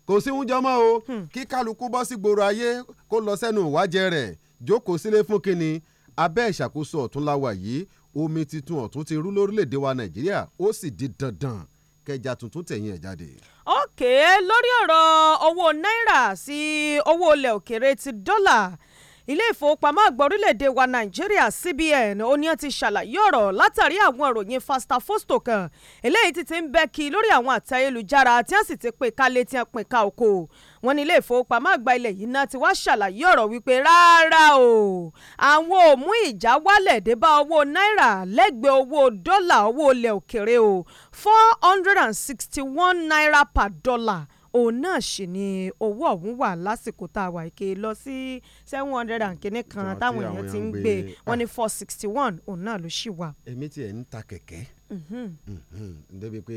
Speaker 8: kò sí oúnjẹ mọ́ o hmm. kí kálukú bọ́ sí gbòòrò ayé kó lọ sẹ́nu ìwájẹ rẹ̀ jókòó sílé fún kínni abẹ́ ìṣàkóso ọ̀tún la wà yìí omi titun ọ̀tún ti rú lórílẹ̀‐èdè wa nàìjíríà ó sì di dandan kẹjà tuntun tẹ̀yìn ẹ̀ jáde.
Speaker 18: ókè lórí ọ̀rọ̀ owó náírà sí owó ilẹ̀ òkèèrè ti dọ́là ilé ìfowópamọ́ àgbà orílẹ̀-èdè wa nàìjíríà cbn ó ní ó ti ṣàlàyé ọ̀rọ̀ látàrí àwọn ìròyìn fastafosto kan eléyìí ti ti ń bẹ́ kí lórí àwọn àtẹ ayélujára tí wọ́n sì ti pè ká létí pín ká oko wọ́n ní ilé ìfowópamọ́ àgbà ilẹ̀ yìí náà ti wá ṣàlàyé ọ̀rọ̀ wípé rárá o àwọn ò mú ìjà wálẹ̀ dé bá owó náírà lẹ́gbẹ̀ẹ́ owó dọ́là owó ilẹ̀ òkèrè o four hundred and sixty one naira per dollar òun náà sì ni owó ọ̀hún wà lásìkò tá a wà ike lọ sí seven hundred and kìíní kan táwọn èèyàn ti ń gbé e. wọn ní ah. four sixty one òun náà ló ṣì wà.
Speaker 8: èmi tiẹ̀ ń ta kẹ̀kẹ́ mhm. Mhm. débi pé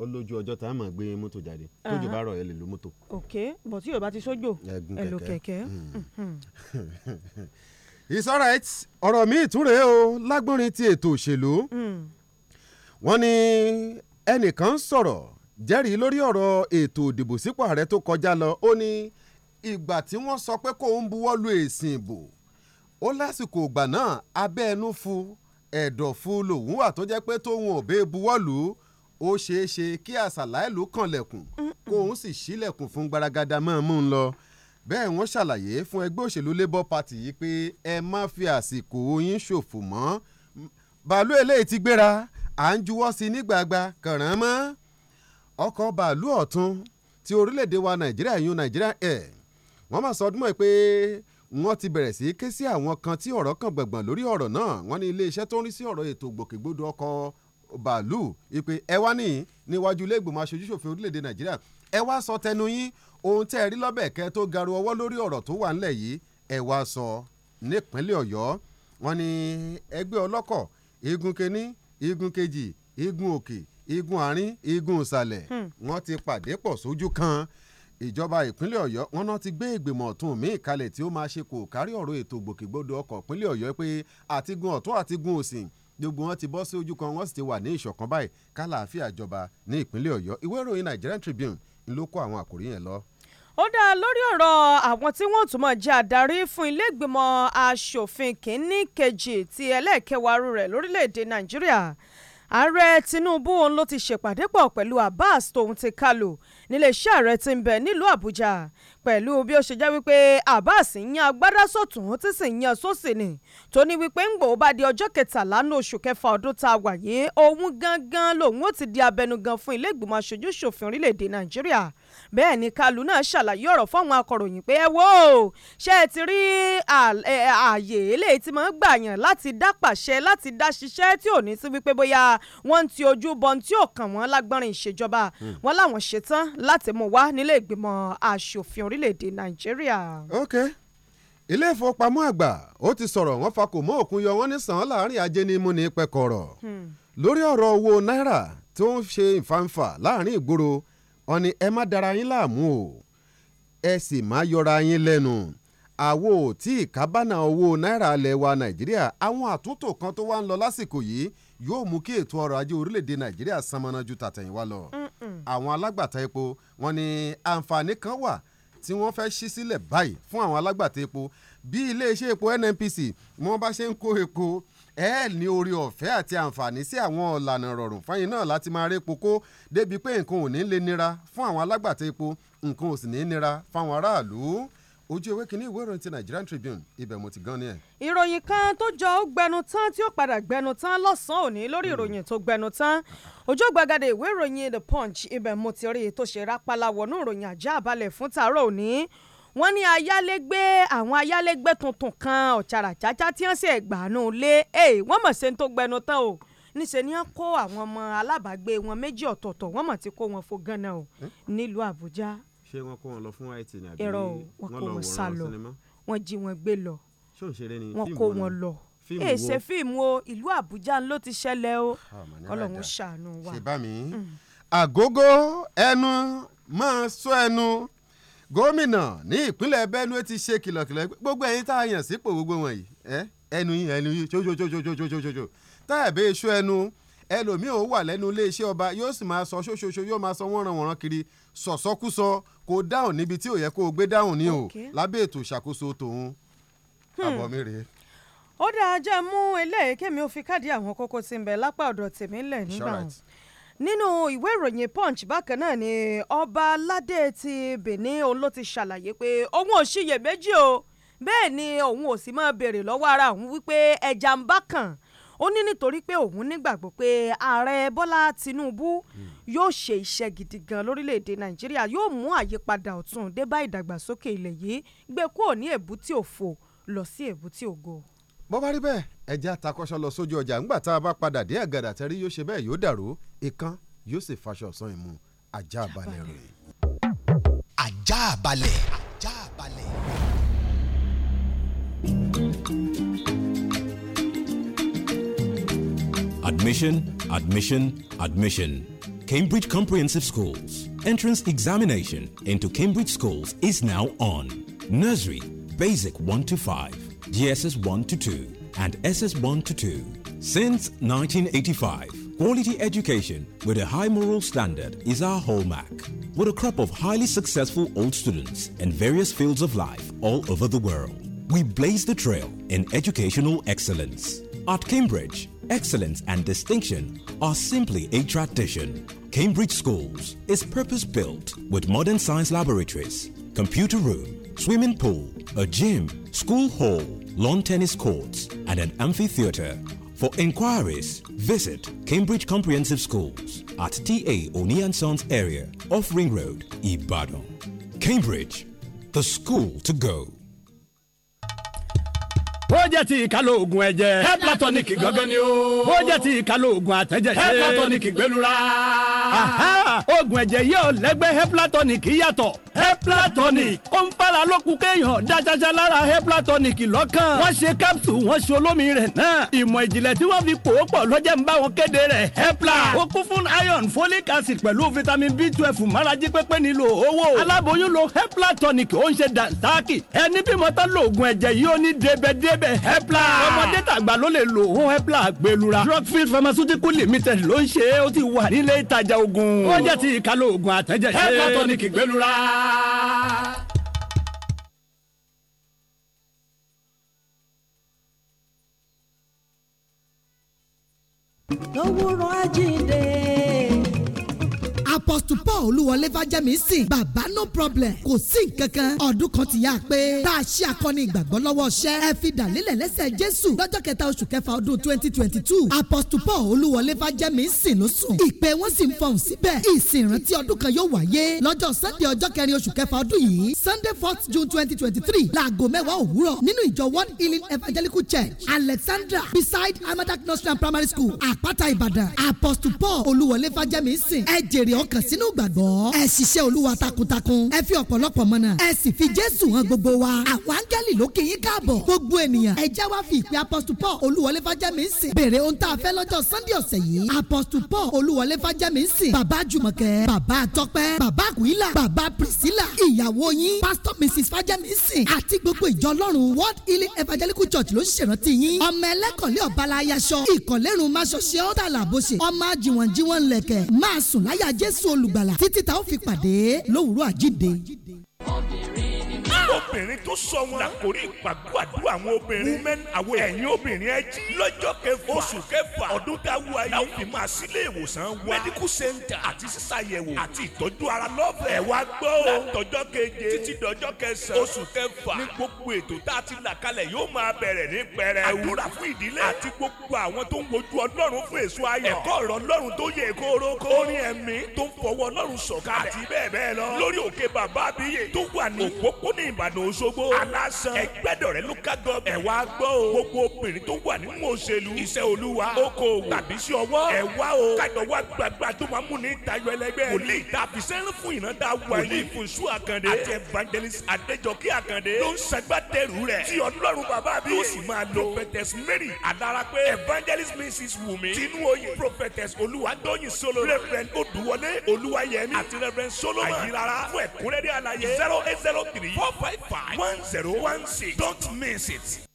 Speaker 8: ó lójú ọjọ́ tá a máa gbé mọ́tò jáde tójú bá rọ̀ ẹ lè lo mọ́tò.
Speaker 18: ok bọ̀ tí yóò ti sójò
Speaker 8: ẹ lo kẹ̀kẹ́. Hmm. Mhm. it's alright ọ̀rọ̀ mi ìtúre o lágbórin ti ètò òṣèlú hmm. wọ́n ní ẹnìkan sọ̀rọ̀ jẹ́rìí lórí ọ̀rọ̀ ètò òdìbò sípò ààrẹ tó kọjá lọ ó ní ìgbà tí wọ́n sọ pé kò ń buwọ́ lu èsì ìbò ó lásìkò ìgbà náà abẹ́ ẹnu fu ẹ̀dọ̀ fu lòun wà tó jẹ́ pé tóun ò bẹ́ẹ̀ buwọ́ lù ú ó ṣeé ṣe kí àṣàlá ìlú kànlẹ̀kùn kóun sì ṣílẹ̀kùn fún gbaragada máa mú lọ bẹ́ẹ̀ wọ́n ṣàlàyé fún ẹgbẹ́ òṣèlú labour party yìí pé ẹ má fi àsìkò yín ṣòfò mọ́ bàálù eléyìí ti gbéra à ń juwọ́ sí i ní gbàgbà kàrán mọ́ ọkọ̀ bàálù ọ̀tún ti orílẹ̀-èdè wa nàìjíríà yun nàìjíríà air wọ́n máa sọ ọdún mọ́ pé wọ́n ti bẹ̀rẹ̀ sí í ké sí àwọn kan tí ọ̀rọ̀ kan gbọ̀ngbọ̀n lórí ọ̀rọ̀ náà wọ́n ní iléeṣẹ́ tó ń rí sí ọ̀rọ̀ ètò ìgbòkègbodò ọkọ̀ bàálù ìpè ẹ wá ní níwájú ilé ìgbìmọ̀ aṣojúṣòfin orílẹ̀-èdè nàìjíríà ẹ wá sọ tẹnu yín ohun tẹ́ ẹ rí lọ́bẹ̀ kẹ́ tó garu ọwọ́ lórí ọ̀rọ̀ tó wà ńlẹ̀ yìí ẹ wá sọ nípínlẹ̀ ọ̀yọ́ wọ́n ní ẹgbẹ́ ọlọ́kọ̀ igun kínní igun kejì igun òkè igun àárín igun ìsàlẹ̀ hmm. wọ́n ti pàdé pọ̀ sójú kan ìjọba ìpínlẹ̀ ọ̀yọ́ wọn náà ti gbé ìgbìmọ̀ ọ̀tún míì kalẹ̀ tí ó máa ṣe kò kárí ọ̀rọ̀ ètò ìgbòkègbodò ọkọ̀ ìpínlẹ̀ ọ̀yọ́ pé àtigun ọ̀tún àtigun òsìn gbogbo wọn ti bọ́ sí ojú kan wọ́n sì ti wà ní ìṣọ̀kan báyìí kálàáfíà jọba ní ìpínlẹ̀ ọ̀yọ́ ìwé ìròyìn nigerian tribune ló kó àwọn àkòrí yẹn lọ.
Speaker 18: ó dá lórí ọ̀rọ̀ àwọn tí wọ́n tún mọ̀ jẹ́ àdarí fún ilé ìgbìmọ̀ asòfin kìíní kejì ti ẹlẹ́ẹ̀kẹwàá rẹ̀ lórílẹ̀‐èdè nàìjíríà ààrẹ tinubu òun ló ti ṣèpàdé pọ̀ pẹ̀lú abbas tóun ti kálò níléeṣẹ́ ààrẹ ti ń bẹ nílùú àbújá pẹ̀lú bí ó ṣe jẹ́ wípé Abbas ń yan agbádá sọ̀tún tí sì ń yan sósì ni tó ní wípé ń gbòó bá di ọjọ́ kẹtàlá ní oṣù kẹfà ọdún tá a wà yìí òun gangan lòun ó ti di abẹnugan fún ilé ìgbìmọ̀ aṣojú ṣòfin orílẹ̀-èdè Nàìjíríà bẹ́ẹ̀ ni Kalu náà ṣàlàyé ọ̀rọ̀ fáwọn akọ̀ròyìn pé ẹ wo ṣé ẹ ti rí ààyè eléyìí tí máa ń gbà yàn láti dá pàṣẹ láti dá ṣiṣẹ́ tí ò ní sí wípé bóyá wọ́n ń ti ojú bọ́n tí ò kàn wọ́n lágbọ́nrin ìṣèjọba hmm. wọn láwọn ṣetán láti mú wá nílé ìgbìmọ̀ aṣòfin orílẹ̀-èdè nàìjíríà.
Speaker 8: ok ilé ìfowópamọ́ àgbà ó ti sọ̀rọ̀ wọ́n fakò mọ́ òkun yọ wọ́n ní sàn án láàrin ajé ní múni pẹ̀kọ̀rọ̀ hmm. lórí ọ̀rọ̀ owó náírà tó ń ṣe ìfanfà láàrin ìgboro wọn ẹ má dara yín láàmú o ẹ sì má yọra yín lẹ́nu àwo tí ìkábánà owó náírà ilẹ̀ wa nàìjíríà àwọn àtúntò kan tó wá ń lọ lásìkò yìí yóò mú kí ètò ọrọ̀ ajé orílẹ̀-èdè nàìjíríà sanmọ́nà ju tàtẹ̀yìnwá lọ àwọn alágbàtà epo wọn ni àǹfààní kan wà tí wọ́n fẹ́ ṣí sílẹ̀ báyìí fún àwọn alágbàtà epo bí iléeṣẹ́ epo NNPC wọ́n bá ṣe ń kó epo ẹ ní orí ọ̀fẹ́ àti àǹfààní sí àwọn ọ̀lànà rọrùn fáyín náà láti máa répo kó débi pé nǹkan ò ní lè nira fún àwọn alágbàtà epo nǹkan ò sì ní nira fáwọn aráàlú ojú ewé kínní ìwé ìròyìn ti Nigerian Tribune ibẹ̀ mo ti gan ni ẹ̀.
Speaker 18: ìròyìn kan tó jọ ó gbẹnu tán tí ó padà gbẹnu tán lọ́sàn-án òní lórí hmm. ìròyìn tó gbẹnu tán ojú gbàgàdé ìwé ìròyìn The Punch ibẹ̀ mo ti rí i tó ṣe rápálá wọnú ìròyìn àjá àbálẹ̀ fún tàárọ̀ òní wọ́n ní ayálégbé àwọn ayálégbé tuntun kan ọ̀chàrà cháchá tí wọ́n sì gbàánú lé ẹ̀ wọ́n mọ̀ ṣe ń tó gbẹnu tán o níṣẹ́ ni wọ́n kó àwọn ọmọ alábàágbé wọn méjì ọ̀tọ̀ọ̀tọ̀ wọ́n mọ̀ ti kó wọn fo gánà o hmm? nílùú Àbújá
Speaker 8: ṣé wọn kó wọn lọ fún it ní àbí wọn lọ wọ̀rọ̀ sinimá
Speaker 18: wọn jí wọn gbé lọ wọn kó wọn
Speaker 8: lọ èè ṣe
Speaker 18: fíìmù o ìlú àbújá ló ti ṣẹlẹ̀ o ọlọ́run ṣàánú
Speaker 8: wa. ṣe bá mi àgógó ẹnu máa sọ ẹnu gómìnà ní ìpínlẹ̀ benue ti ṣe kìlọ̀kìlọ̀ gbogbo ẹ̀yin tá a yàn sípò gbogbo wọ̀nyí ẹnu yín ẹnu yín ṣoṣoṣoṣoṣoṣoṣo tá ẹ̀ bẹ́ẹ̀ ṣó ẹnu ẹlòmíì ò wà lẹ́nu iléeṣẹ́ ọba yóò sì máa sọ ṣoṣoṣo yóò máa sọ wọ́n ran wọ̀nran kiri sọ̀sọ́kúsọ kò dáhùn níbi tí ò yẹ kó o gbé dáhùn ní o lábẹ́ ètò ìṣàkóso tòun hmm. àbọ̀mí rèé
Speaker 18: ó dáa jẹ́ mú eléyìí kémi ó fi káàdì àwọn kókó tí ń bẹ lápá ọ̀dọ̀ tèmi lẹ̀ nígbà wọn. nínú ìwé ìròyìn punch bákan náà ni ọba aládé ti benin òun ṣàlàyé pé òun ò ṣiyèméjì o bẹ́ẹ̀ ni òun ò sì máa béèrè lọ́wọ́ ara òun wípé ẹja ń bá ó ní nítorí pé òun nígbàgbọ́ pé ààrẹ Bọ́lá Tinubu yóò ṣe iṣẹ́ gidi gan lórílẹ̀‐èdè Nàìjíríà yóò mú àyípadà ọ̀tun dé bá ìdàgbàsókè ilẹ̀ yìí gbé kúrò ní èbúté òfò lọ sí èbúté ògo.
Speaker 8: bó bá rí bẹ́ẹ̀ ẹja takọṣọ lọ sójú ọjà ńgbà tá a bá padà dé àgàdà tẹ́rí yóò ṣe bẹ́ẹ̀ yóò dàrú ìkan yóò sì faṣọ ọ̀sán ìmú ajá balẹ̀ rẹ̀.
Speaker 3: ajá balẹ̀. ajá balẹ̀.
Speaker 10: Admission, admission, admission. Cambridge Comprehensive Schools. Entrance examination into Cambridge schools is now on. Nursery, Basic 1 to 5, GSS 1 to 2, and SS 1 to 2. Since 1985, quality education with a high moral standard is our hallmark. With a crop of highly successful old students in various fields of life all over the world, we blaze the trail in educational excellence. At Cambridge, excellence and distinction are simply a tradition. Cambridge Schools is purpose built with modern science laboratories, computer room, swimming pool, a gym, school hall, lawn tennis courts, and an amphitheater. For inquiries, visit Cambridge Comprehensive Schools at TA Oni and Sons area, off Ring Road, Ibadan. Cambridge, the school to go. ó jẹ́ ti
Speaker 3: ìkálò oògùn ẹ̀jẹ̀. hepla tonic gangan ni o. ó jẹ́ ti ìkálò oògùn àtẹ̀jẹ̀ ṣe. hepla tonic gbẹlura. oògùn ẹ̀jẹ̀ yìí ò lẹ́gbẹ́ hepla tonic yàtọ̀. hepla
Speaker 19: tonic ó ń fara lókun kéèyàn dájájá lára hepla lọ́kàn. wọ́n ṣe capsule wọ́n ṣe olómi rẹ̀ náà. ìmọ̀ ìjìnlẹ̀ tí wọ́n fi pò ó pọ̀ lọ́jẹ́ ń bá wọn kéde rẹ̀ hepla. ó kún
Speaker 2: fún iron folic acid pẹ̀lú vitamin b twelve márajì pépé nílò owó. aláboyún lo hepla tonic ó ń ṣe dànsákì. ẹni bímọ tán lo oògùn ẹ̀jẹ̀ yìí ó ní débẹ̀débẹ̀ ẹlẹ́bẹ̀ hepla. ọmọdé tàgbà ló lè lo ohun hepla gbẹlura. rockfield pharmaceutical limited ló ń ṣe é ó ti wà
Speaker 19: nílé ìtajà oògùn. ó jẹ́ ti ìkàlò oògùn
Speaker 2: àtẹ́jẹ́ ṣe. hepla tonic gbẹlura.
Speaker 12: lówùrọ̀ ajíǹde
Speaker 15: apostle paul olúwọlé fájẹ́mi sìn bàbá no problem kò sí nkankan ọdún kan ti yá pé tá a ṣe akọni ìgbàgbọ́ lọ́wọ́ ṣẹ́ ẹ fi dàlílẹ̀ lẹ́sẹ̀ jésù lọ́jọ́ kẹta oṣù kẹfà ọdún twenty twenty two apostle paul olúwọlé fájẹ́mi sìn ló sùn ìpè wọn sì ń fọhùn síbẹ̀ ìsìn ìrántí ọdún kan yóò wáyé lọ́jọ́ sunday ọjọ́ kẹrin oṣù kẹfà ọdún yìí sunday fourth june twenty twenty three láago mẹ́wàá òwúrọ̀ nínú ìjọ one healing evangelical church alexandra beside amadak nursery primary school àpáta ìbàdàn apostle paul olúwọlé fájẹ́mi sìn ẹ jèrè ọkàn sínú gbàgbọ́ ẹ ṣiṣẹ́ olúwa takuntakun ẹ fi ọ̀pọ̀lọpọ̀ mọ̀nà ẹ sì fi jésù hàn gbogbo wa àwọn áńgẹ́lì ló kì í káàbọ̀ gbogbo ènìyàn ẹ já wá fi ìpè apọ́sù paul olúwọlé fájẹ́mi ń sìn béèrè ohun tá a fẹ́ lọ́jọ́ sunday ọ̀sẹ̀ yìí apọ́sù paul olúwọlé fájẹ́mi ń sìn bàbá jùmọ̀kẹ́ bàbá tọ́pẹ́ bàbá àkùílà bàbá priscilla ìyàwó yín pastor mrs fájẹ́mi ń sìn àti gbogbo ìjọ ọlọ́run world healing evangelical church ló ń ṣèrántí yín ọmọ ẹlẹ́kọ̀lé ọ̀bala ayaṣọ ìkọ̀lérun máṣọṣẹ́ ọ̀tàlà bó ṣe ọmọ àjìwọ̀njìwọ̀n lẹ̀kẹ̀ máa sùn láyà jésù jésù olùgbàlà títí tá ó fi pàdé lówùúrọ̀ àjíǹde
Speaker 19: obìnrin tó sọ wọn. làkórí ìpàgọ́ àdúrà àwọn obìnrin. women away. ẹ̀yin obìnrin ẹ jí. lọ́jọ́ kẹfà oṣù kẹfà ọdún tá a wú ayé. làwọn fi máa sílé ìwòsàn wa. medical center àti sísàyẹ̀wò àti ìtọ́jú ara lọ́fẹ̀ẹ́. ẹ gbọ́ o. látọjọ́ keje títí dọjọ́ kẹsàn-án oṣù kẹfà. ní gbogbo ètò tá a ti là kalẹ̀ yóò máa bẹ̀rẹ̀ ní pẹrẹu. àdúrà fún ìdílé. àti gbogbo àwọn tó ń wojú ọlọ́run fún èso ayọ̀. ẹ̀kọ́ ọ̀rọ̀ ọlọ́run tó yẹ kóró kó. orin ẹ̀mí tó ń fọwọ́ ọlọ́run sọ̀kalẹ̀. àti bẹ́ẹ̀ bẹ́ẹ̀ lọ. lórí òkè bàbá àbíyè tó wà ní òpópónà ìb ìbàdàn òṣogbo alásan ẹgbẹ́dọ̀rẹ́ local government ẹ wá gbọ́ o gbogbo obìnrin tó wà nínú òṣèlú iṣẹ́ olúwa okòwò tàbí iṣẹ́ ọwọ́ ẹ wá o kájọwọ́ àgbààgbà tó máa mú ní ìtayọ ẹlẹgbẹ́ wòlíì tá fún ìrántá wa yìí wòlíì àkàndé àti evangelist adéjọkẹ́ àkàndé ló ń ṣagbátẹrù rẹ̀ tí ọlọ́run bàbá mi yóò sì máa lo prophetess mary adarapẹ́ evangelist mrs wumi tinuoye prophetess olúwadóyin solo reverend odúwọlé olúwayẹmí àti reverend solomon àyírára fún ẹ̀kúnrẹ́rẹ́ àlàyé zero eight zero three four five. 55 1016. Don't miss it.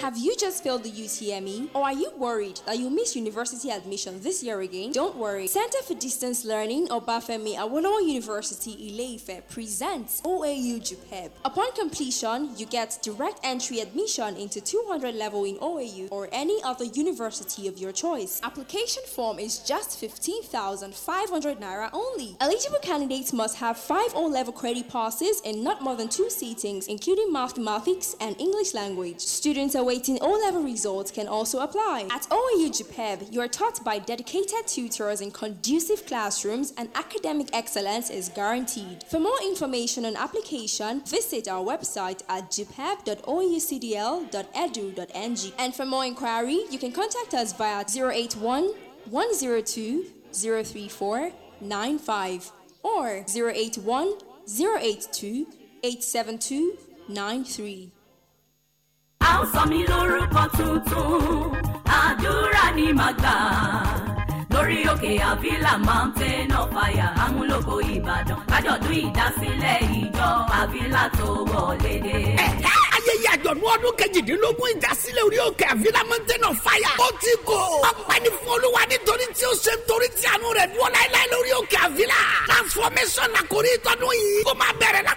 Speaker 11: Have you just failed the UTME? Or are you worried that you'll miss university admission this year again? Don't worry. Center for Distance Learning or BAFEME at University Ileife presents OAU JUPEB. Upon completion, you get direct entry admission into 200 level in OAU or any other university of your choice. Application form is just 15,500 naira only. Eligible candidates must have 5 O level credit passes and not more than 2 seatings including mathematics and English language. Students awaiting O-level results can also apply. At OAU JPEB, you are taught by dedicated tutors in conducive classrooms and academic excellence is guaranteed. For more information on application, visit our website at jpeb.oucdl.edu.ng. And for more inquiry, you can contact us via 081 102 034 95 or 081 082 872 93. a
Speaker 5: ń sọ mí lórúkọ tuntun àdúrà ni màá gbà lórí òkè àfílà mountain of fire amúlòkọ ìbàdàn lájọ̀dún ìdásílẹ̀ ìjọ àfílà tó wọlé dé. ẹ̀ka
Speaker 9: ayẹyẹ àjọ̀dún ọdún kejìdínlógún ìdásílẹ̀ orí òkè àfílà mountain of fire. ó ti kò. ọpẹ́ ni fún olúwa nítorí tí ó ṣe nítorí tí àánú rẹ̀ dúró láéláé lórí òkè àfílà. transformation la kò yìí. ó máa bẹ̀rẹ̀ la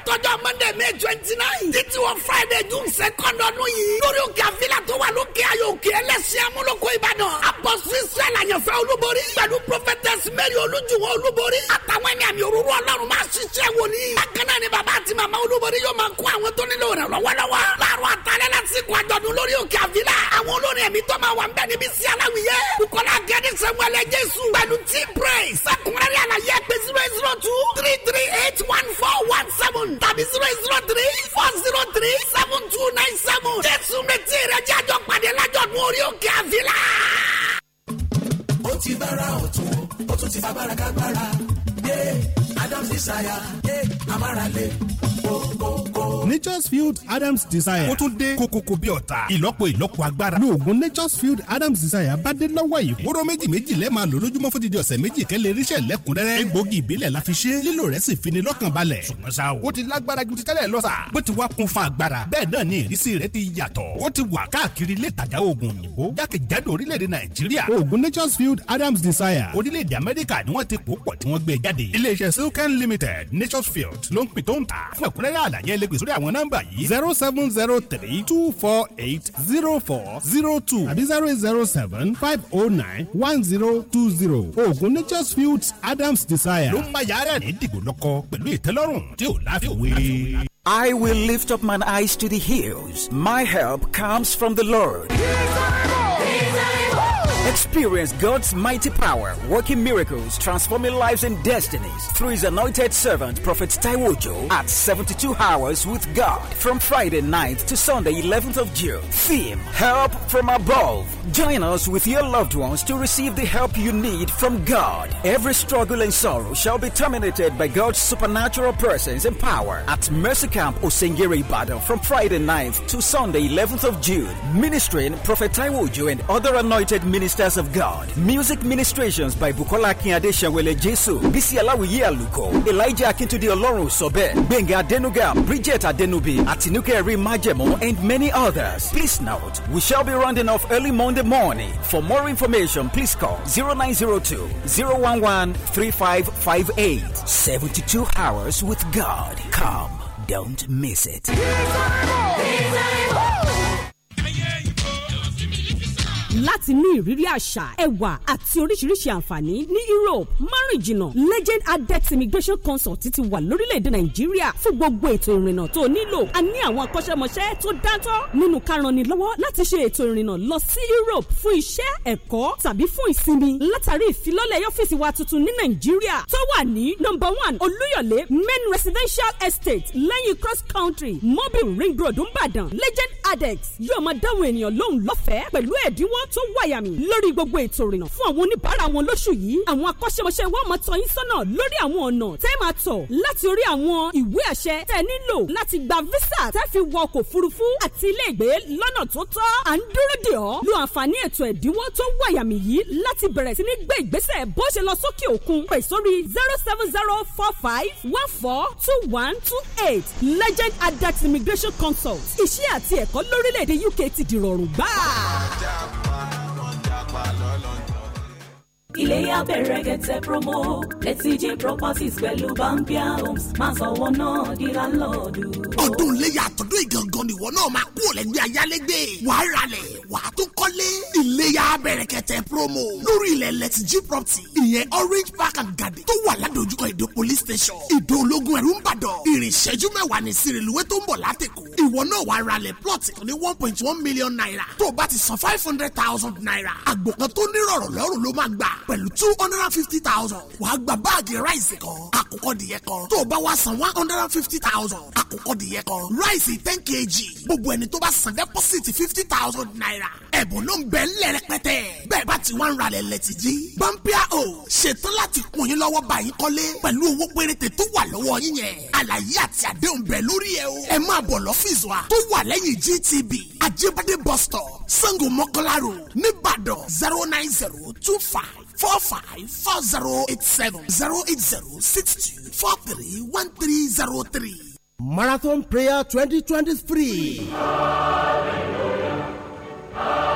Speaker 9: twenty nine títí wọ friday june second ọdún yìí lórí òkè àfilà tó wà lókè ayò òkè ẹlẹ́sìn amúlòkọ ìbàdàn apọ̀sí israel àyànfẹ́ olúborí pẹ̀lú prophetess mary olújùwọ̀n olúborí àtàwọn ẹni àmì òróró ọlọ́run máa ṣiṣẹ́ wòlíì bákan náà ni bàbá àti màmá olúborí yóò máa kó àwọn tó nílò rẹ̀ lọ́wọ́lọ́wọ́ láàrú àtàlẹ́ lásìkò àjọ̀dún lórí òkè àfilà àwọn olórin ẹ̀mí tó máa wà ń bẹ̀ níbi sí aláwìyé bukola gẹ́ni sẹ́wọ́lẹ̀ jésù pẹ̀lú team praise sẹ́kùnrẹ́rẹ́ àlàyé pé zero zero two three three eight one four one seven tàbí zero zero three four zero three seven two nine seven jésù retí rẹ jẹ́ àjọ pàdé lájọ̀dún orí òkè àfilà. ó ti bára ọ̀tún ó tún ti fa kágbára yé adams desire yé
Speaker 3: amárale
Speaker 2: gbogbo nature's field adams desire. ó tún dé kokoko bí ọ̀tá ìlọ́po ìlọ́po agbára. ní oògùn nature's field adams desire bá dé lọ́wọ́ yìí. wóró méjì méjì lẹ́ẹ̀ máa lò lójúmọ́ fún dídí ọ̀sẹ̀ méjì kẹ́lẹ́ irinṣẹ́ lẹ́kùnrẹ́rẹ́. egbògi ìbílẹ̀ la fi ṣe lílò rẹ̀ sì fini lọ́kàn balẹ̀. ṣùgbọ́n
Speaker 3: sa o ó ti lágbára ju ti tẹ́lẹ̀ lọ sa. bó ti wá kún fún agbára bẹ́ẹ̀ náà ni ìrísí rẹ̀ ti yàtọ̀. ó ti wà káàkiri ilé nature's field adams
Speaker 2: desire. orílẹ̀-èdè amẹ́ríkà ni wọ́n ti pò pọ̀ tí e limited nature's field ló ń pin tó ń ta. fún sórí àwọn nọ́mbà yìí zero seven zero three two four eight zero four zero two àbí zero eight zero seven five oh nine one zero two
Speaker 10: zero oògùn nature's fields adams desire. ló máa yára ní dìgbò pẹ̀lú ìtẹ́lọ́rùn tí ò láfi I will lift up my eyes to the hills. My help comes from the Lord. Yes, Experience God's mighty power, working miracles, transforming lives and destinies through His anointed servant, Prophet Taiwojo, at 72 Hours with God from Friday 9th to Sunday 11th of June. Theme Help from Above. Join us with your loved ones to receive the help you need from God. Every struggle and sorrow shall be terminated by God's supernatural presence and power at Mercy Camp Osengiri Ibadan from Friday 9th to Sunday 11th of June. Ministering Prophet Taiwojo and other anointed ministers Ministers of God. Music ministrations by Bukola Akínadé Ṣẹ̀wẹ̀lẹ̀ Jésù. Bísí Aláwìyé Àlùkò. Elijah Akíntúndé Ọlọ́run Sọ̀bẹ̀. Benga Adenuga, Bridget Adenubi, Atinukeri Majemo and many others. Please note, we shall be rounding off early Monday morning. For more information, please call 0902 011 3558. 72 hours with God. Come, don't miss it.
Speaker 17: láti ní ìrírí àṣà ẹwà àti oríṣiríṣi àǹfààní ní Europe márùn jìnnà Legend Adex Immigration Consult ti wà lórílẹ̀‐èdè Nàìjíríà fún gbogbo ètò ìrìnnà tó nílò a ní àwọn akọ́ṣẹ́mọṣẹ́ tó dáńtọ́ nínú karani lọ́wọ́ láti ṣe ètò ìrìnnà lọ sí Europe fún iṣẹ́ ẹ̀kọ́ tàbí fún ìsinmi látàrí ìfilọ́lẹ̀ ọ́fíìsì wa tuntun ní Nàìjíríà tó wà ní nọ́mbà one Olúyọ̀lé main residential estate lẹ́yìn cross country mobile ring road Ìbàdàn Legend Adex yóò máa dáhùn ènìyàn lóhùn lọ́fẹ̀ẹ́ pẹ̀lú ẹ̀dínwó tó wáyà mi lórí gbogbo ètò ìrìnà fún àwọn oníbàárà wọn lóṣù yìí àwọn akọ́ṣẹ́mọṣẹ́ wa máa tọ́ yín sọ́nà lórí àwọn ọ̀nà tẹ́ máa tọ̀ láti orí àwọn ìwé àṣẹ tẹ́ nílò láti gba visa tẹ́ fi wọ ọkọ̀ òfurufú àti ilé ìgbé lọ́nà tó tọ́ à ń dúró dè ọ́ lo àǹfààní ètò ẹ̀dínwó tó wáyà mi yìí láti bẹ̀rẹ̀ sí ní gbé ìgbésẹ̀ bó ṣe lọ sókè òkun pè sórí zero seven zero four five one four two one two eight legend adat immigration consult iṣẹ́ àti ẹ̀kọ́ lórílẹ̀‐èdè UK ti dìrọ̀rùn
Speaker 13: gbáà
Speaker 17: iléyá bẹ̀rẹ̀ gẹ̀tẹ̀ promo lẹ́tíjẹ́ properties pẹ̀lú bambia homes máa sanwó
Speaker 5: náà
Speaker 3: di láńlọ́ọ̀dù. ọdún iléyá àtọ́dún ìgangan nìwọ náà máa kú ọ̀lẹ́gbẹ́ ayálégbé wàá ralẹ̀ wàá tún kọ́lé. iléyá bẹ̀rẹ̀ gẹ̀tẹ̀ promo lórí ilẹ̀ lẹ́tíjẹ́ property ìyẹn orange park and garden tó wà ládojúkọ ìdó police station ìdó ológun ẹ̀rú ń bàdàn ìrìnsẹ́jú mẹ́wàá ní sírìlúwé tó ń bọ̀ látẹ̀kọ́ ìwọ náà wàá ralẹ̀ plot ní one point one million naira tó o bá ti san five hundred thousand naira àgbò kan tó nírọ̀rọ̀ lọ́rùn ló máa gbà pẹ̀lú two hundred and fifty thousand wàá gba báàgì ráìsì kan àkùkọ dìyẹ kan tó o bá wá san one hundred and fifty thousand àkùkọ dìyẹ kan ráìsì ten kg gbogbo ẹni tó bá san dẹ́pọ́sìtì fifty thousand naira ẹ̀bùn ló ń bẹ ńlẹ̀ rẹpẹtẹ bẹ́ẹ̀ bá ti wá ń ralẹ̀ lẹ́tì jí. bámpíà o ṣetán láti kún yín lọ́wọ́ bá yín kọ́lé pẹ̀lú owó péréte tó wà lọ́wọ́ yín yẹn àlàyé àti àdéhùn bẹ lórí ẹ o ẹ máa bọ̀ lọ́fíìsì wa tó wà lẹ́yìn GTB Ajibade bus Sango Mokola road nìbàdàn zero nine zero two five four five four zero eight seven zero eight zero six two four three one three zero three.
Speaker 2: marathon prayer twenty twenty three. hallelujah.
Speaker 3: hallelujah.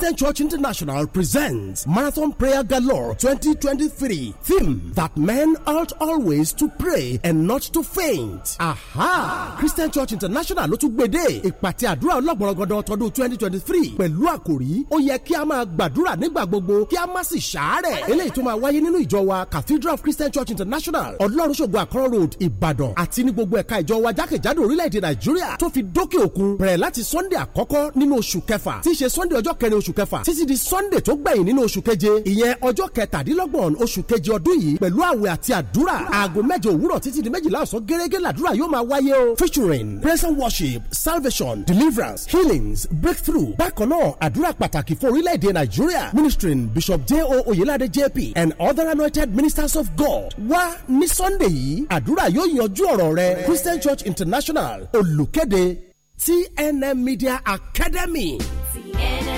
Speaker 3: Christian Church International presents Marathon Prayer Galore 2023. Theme that men ought always to pray and
Speaker 2: not to faint. Aha! Christian Church International ló tún gbèdé ìpàtẹ àdúrà ọlọ́gbọ̀nrọ̀gbọ̀n tọdún 2023 pẹ̀lú àkòrí ó yẹ kí a máa gbàdúrà nígbà gbogbo kí a má sì ṣàárẹ̀. Eléyìí tó máa wáyé nínú ìjọ wa Cathedral of Christian Church International Ọlọ́runṣògo Àkọ́rọ́ Road Ìbàdàn àti ní gbogbo ẹ̀ka ìjọ wa jákèjádò orílẹ̀-èdè Nàìjíríà tó fi dókè òkun bẹ̀rẹ̀ láti Sunday àkọ́kọ́ nínú oṣù kẹfà tí í ṣe Sunday ọjọ́ kẹrin oṣù oṣù kẹfà títí di sunday tó gbẹ̀yìn nínú oṣù keje ìyẹn ọjọ́ kẹtàdínlọ́gbọ̀n oṣù keje ọdún yìí pẹ̀lú àwẹ̀ àti àdúrà aago mẹ́jọ òwúrọ̀ títí di méjìlá ọ̀sán gẹ́gẹ́ làdúrà yóò máa wáyé o featuring Present worship salvation deliverance
Speaker 3: healings breakthrough bákan náà àdúrà pàtàkì fún orílẹ̀-èdè nàìjíríà ministering bishop J O Oyelade JP and other anointed ministers of God wá ní sunday yìí àdúrà yóò
Speaker 2: yanjú ọ̀rọ̀ rẹ Christian Church International olùkéde TNM Media
Speaker 9: Academy.
Speaker 5: TNM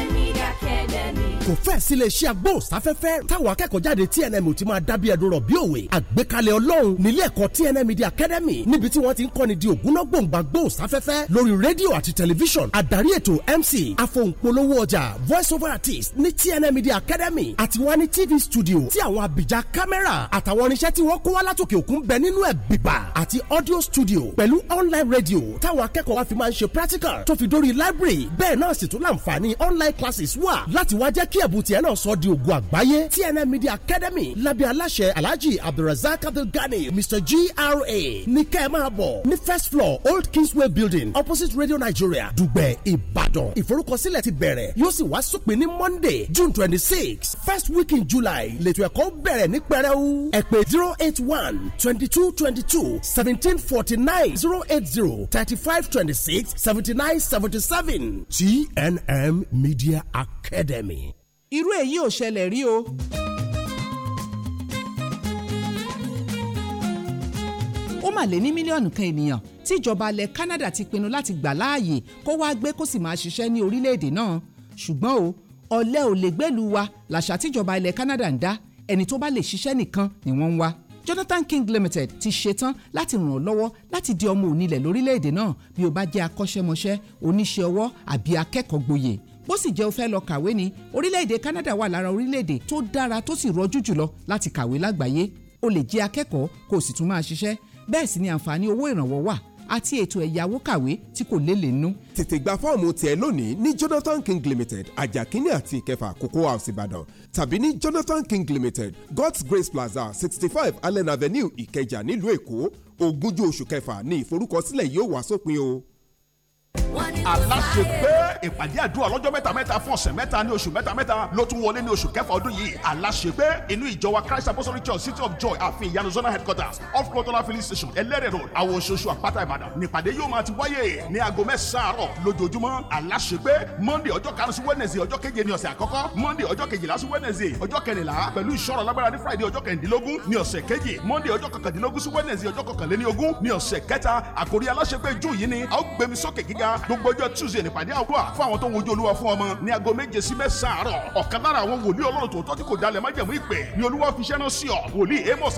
Speaker 2: kò fẹ́ sílé iṣẹ́ agbóhùnsáfẹ́fẹ́ táwọn akẹ́kọ̀ọ́ jáde TNM ti máa dábí ẹ̀dùn rọ̀ bí òwe àgbékalẹ̀ ọlọ́run nílé ẹ̀kọ́ TNM Media Academy níbi tí wọ́n ti ń kọ́ni di ògúnná gbòǹgbà gbóhùnsáfẹ́fẹ́ lórí rédíò àti tẹlifíṣọ̀n àdarí
Speaker 3: ètò MC afohùnpolówó ọjà voice over artist ní TNM Media Academy àti wá ní TV studio tí àwọn àbíjà kámẹ́rà àtàwọn irinṣẹ́ tí wọ́n kó wá látòkè òkun bẹ nínú ẹ̀
Speaker 2: audio studio pẹ̀lú online radio táwọn akẹ́kọ̀ọ́ practical tó library bẹ́ẹ̀ náà sì online classes wà láti wá kí ẹ̀bùn tiẹ̀ náà sọ di ògo àgbáyé
Speaker 3: TNM Media Academy lábẹ́ aláṣẹ Alhaji Abdulrasaq Abdulgani Mr GRA ní kẹ́ ẹ máa bọ̀ ní first floor Old Kingsway building opposite Radio Nigeria Dùgbẹ̀
Speaker 19: Ìbàdàn
Speaker 3: ìforúkọsílẹ̀ ti bẹ̀rẹ̀ yóò sì wá sópin ní Monday June twenty six first week in
Speaker 2: July lẹ́tọ̀ ẹ̀kọ́ bẹ̀rẹ̀ ní pẹrẹu ẹ zero eight one twenty two twenty two seventeen forty nine zero eight zero thirty five twenty six seventy nine seventy seven
Speaker 3: TNM Media Academy irú
Speaker 12: èyí ò ṣẹlẹ̀ rí o. ó mà lé ní mílíọ̀nù kan ènìyàn tí ìjọba ilẹ̀ Canada ti pinnu láti gbà láàyè kó wáá gbé kó sì máa ṣiṣẹ́ ní orílẹ̀-èdè náà ṣùgbọ́n o ọ̀lẹ ò lè gbẹ́lu wa làṣà tíjọba ilẹ̀ Canada ń dá ẹni tó bá lè ṣiṣẹ́ nìkan ni wọ́n ń wá Jonathan King Limited ti ṣetán láti ràn ọ́ lọ́wọ́ láti di ọmọ onílẹ̀ lórílẹ̀‐èdè náà bí o bá jẹ́ akọ́ṣẹ́mọṣẹ́ oníṣẹ́ ọwọ́ àbí akẹ́kọ̀ọ́ gboyè bó sì jẹ́ o fẹ́ lọ kàwé ni orílẹ̀-èdè Canada wà lára orílẹ̀-èdè tó dára tó sì rọjú jùlọ láti kàwé lágbàáyé o lè jẹ́ akẹ́kọ̀ọ́ kó o sì tún máa ṣiṣẹ́ bẹ́ẹ̀ sì ni àǹfààní owó ìrànwọ́ wà àti ètò ẹ̀yáwó kàwé tí kò lélẹ̀ nú.
Speaker 2: tètè gba fọ́ọ̀mù tiẹ̀ lónìí ní Jonathan King Limited ajakini àti ìkẹfà Cocoa House Ìbàdàn tàbí ní Jonathan King Limited God's Grace Plaza sixty five Allen Avenue Ìkẹjà nílùú Èkó ogúnjọ́ oṣù kẹfà ní ìforúkọsílẹ̀ yóò wá sópin o aláṣẹ pé ìpàdé àdúrà ọlọ́jọ́ mẹ́ta mẹ́ta fún ọ̀sẹ̀ mẹ́ta ní oṣù mẹ́ta mẹ́ta ló tún wọlé ní oṣù kẹfà ọdún yìí aláṣẹ pé inú ìjọ wa Christ Apostolic Church City of Joy àfin ìyanu zona headquarters off kọtọlá filling station ẹlẹ́rẹ̀ road àwọn oṣooṣù àpáta Ìbàdàn nípàdé yóò máa ti wáyé ní aago mẹ́sàn-án àárọ̀ lójoojúmọ́ aláṣẹ pé Monday ọjọ́ karùn-ún sí Wednesday ọjọ́ keje ní ọ̀sẹ̀ àkọ́kọ́ Monday ọjọ́ kejìlá Wednesday ọjọ́ kẹrìnlá
Speaker 19: pẹ̀lú ìṣọ́rọ̀ lágbára ní Friday ọjọ́ kẹrìndínlógún Wednesday ọjọ́ kọkànléní ogún ní ọ̀sẹ̀ kẹta àkórí aláṣẹ pé jù yìí ni a gbéraga gbogbo ọjọ́ tuesday nípàdé
Speaker 2: àwúrọ̀ fún àwọn tó ń wojú olúwa fún ọmọ ní aago méje sí mẹ́sàn-án àárọ̀ ọ̀kan lára àwọn wòlíì ọlọ́run tòótọ́ tí kò dalẹ̀ májẹ̀mú ìpè ni olúwa fi ṣẹ́ná sí ọ wòlíì amos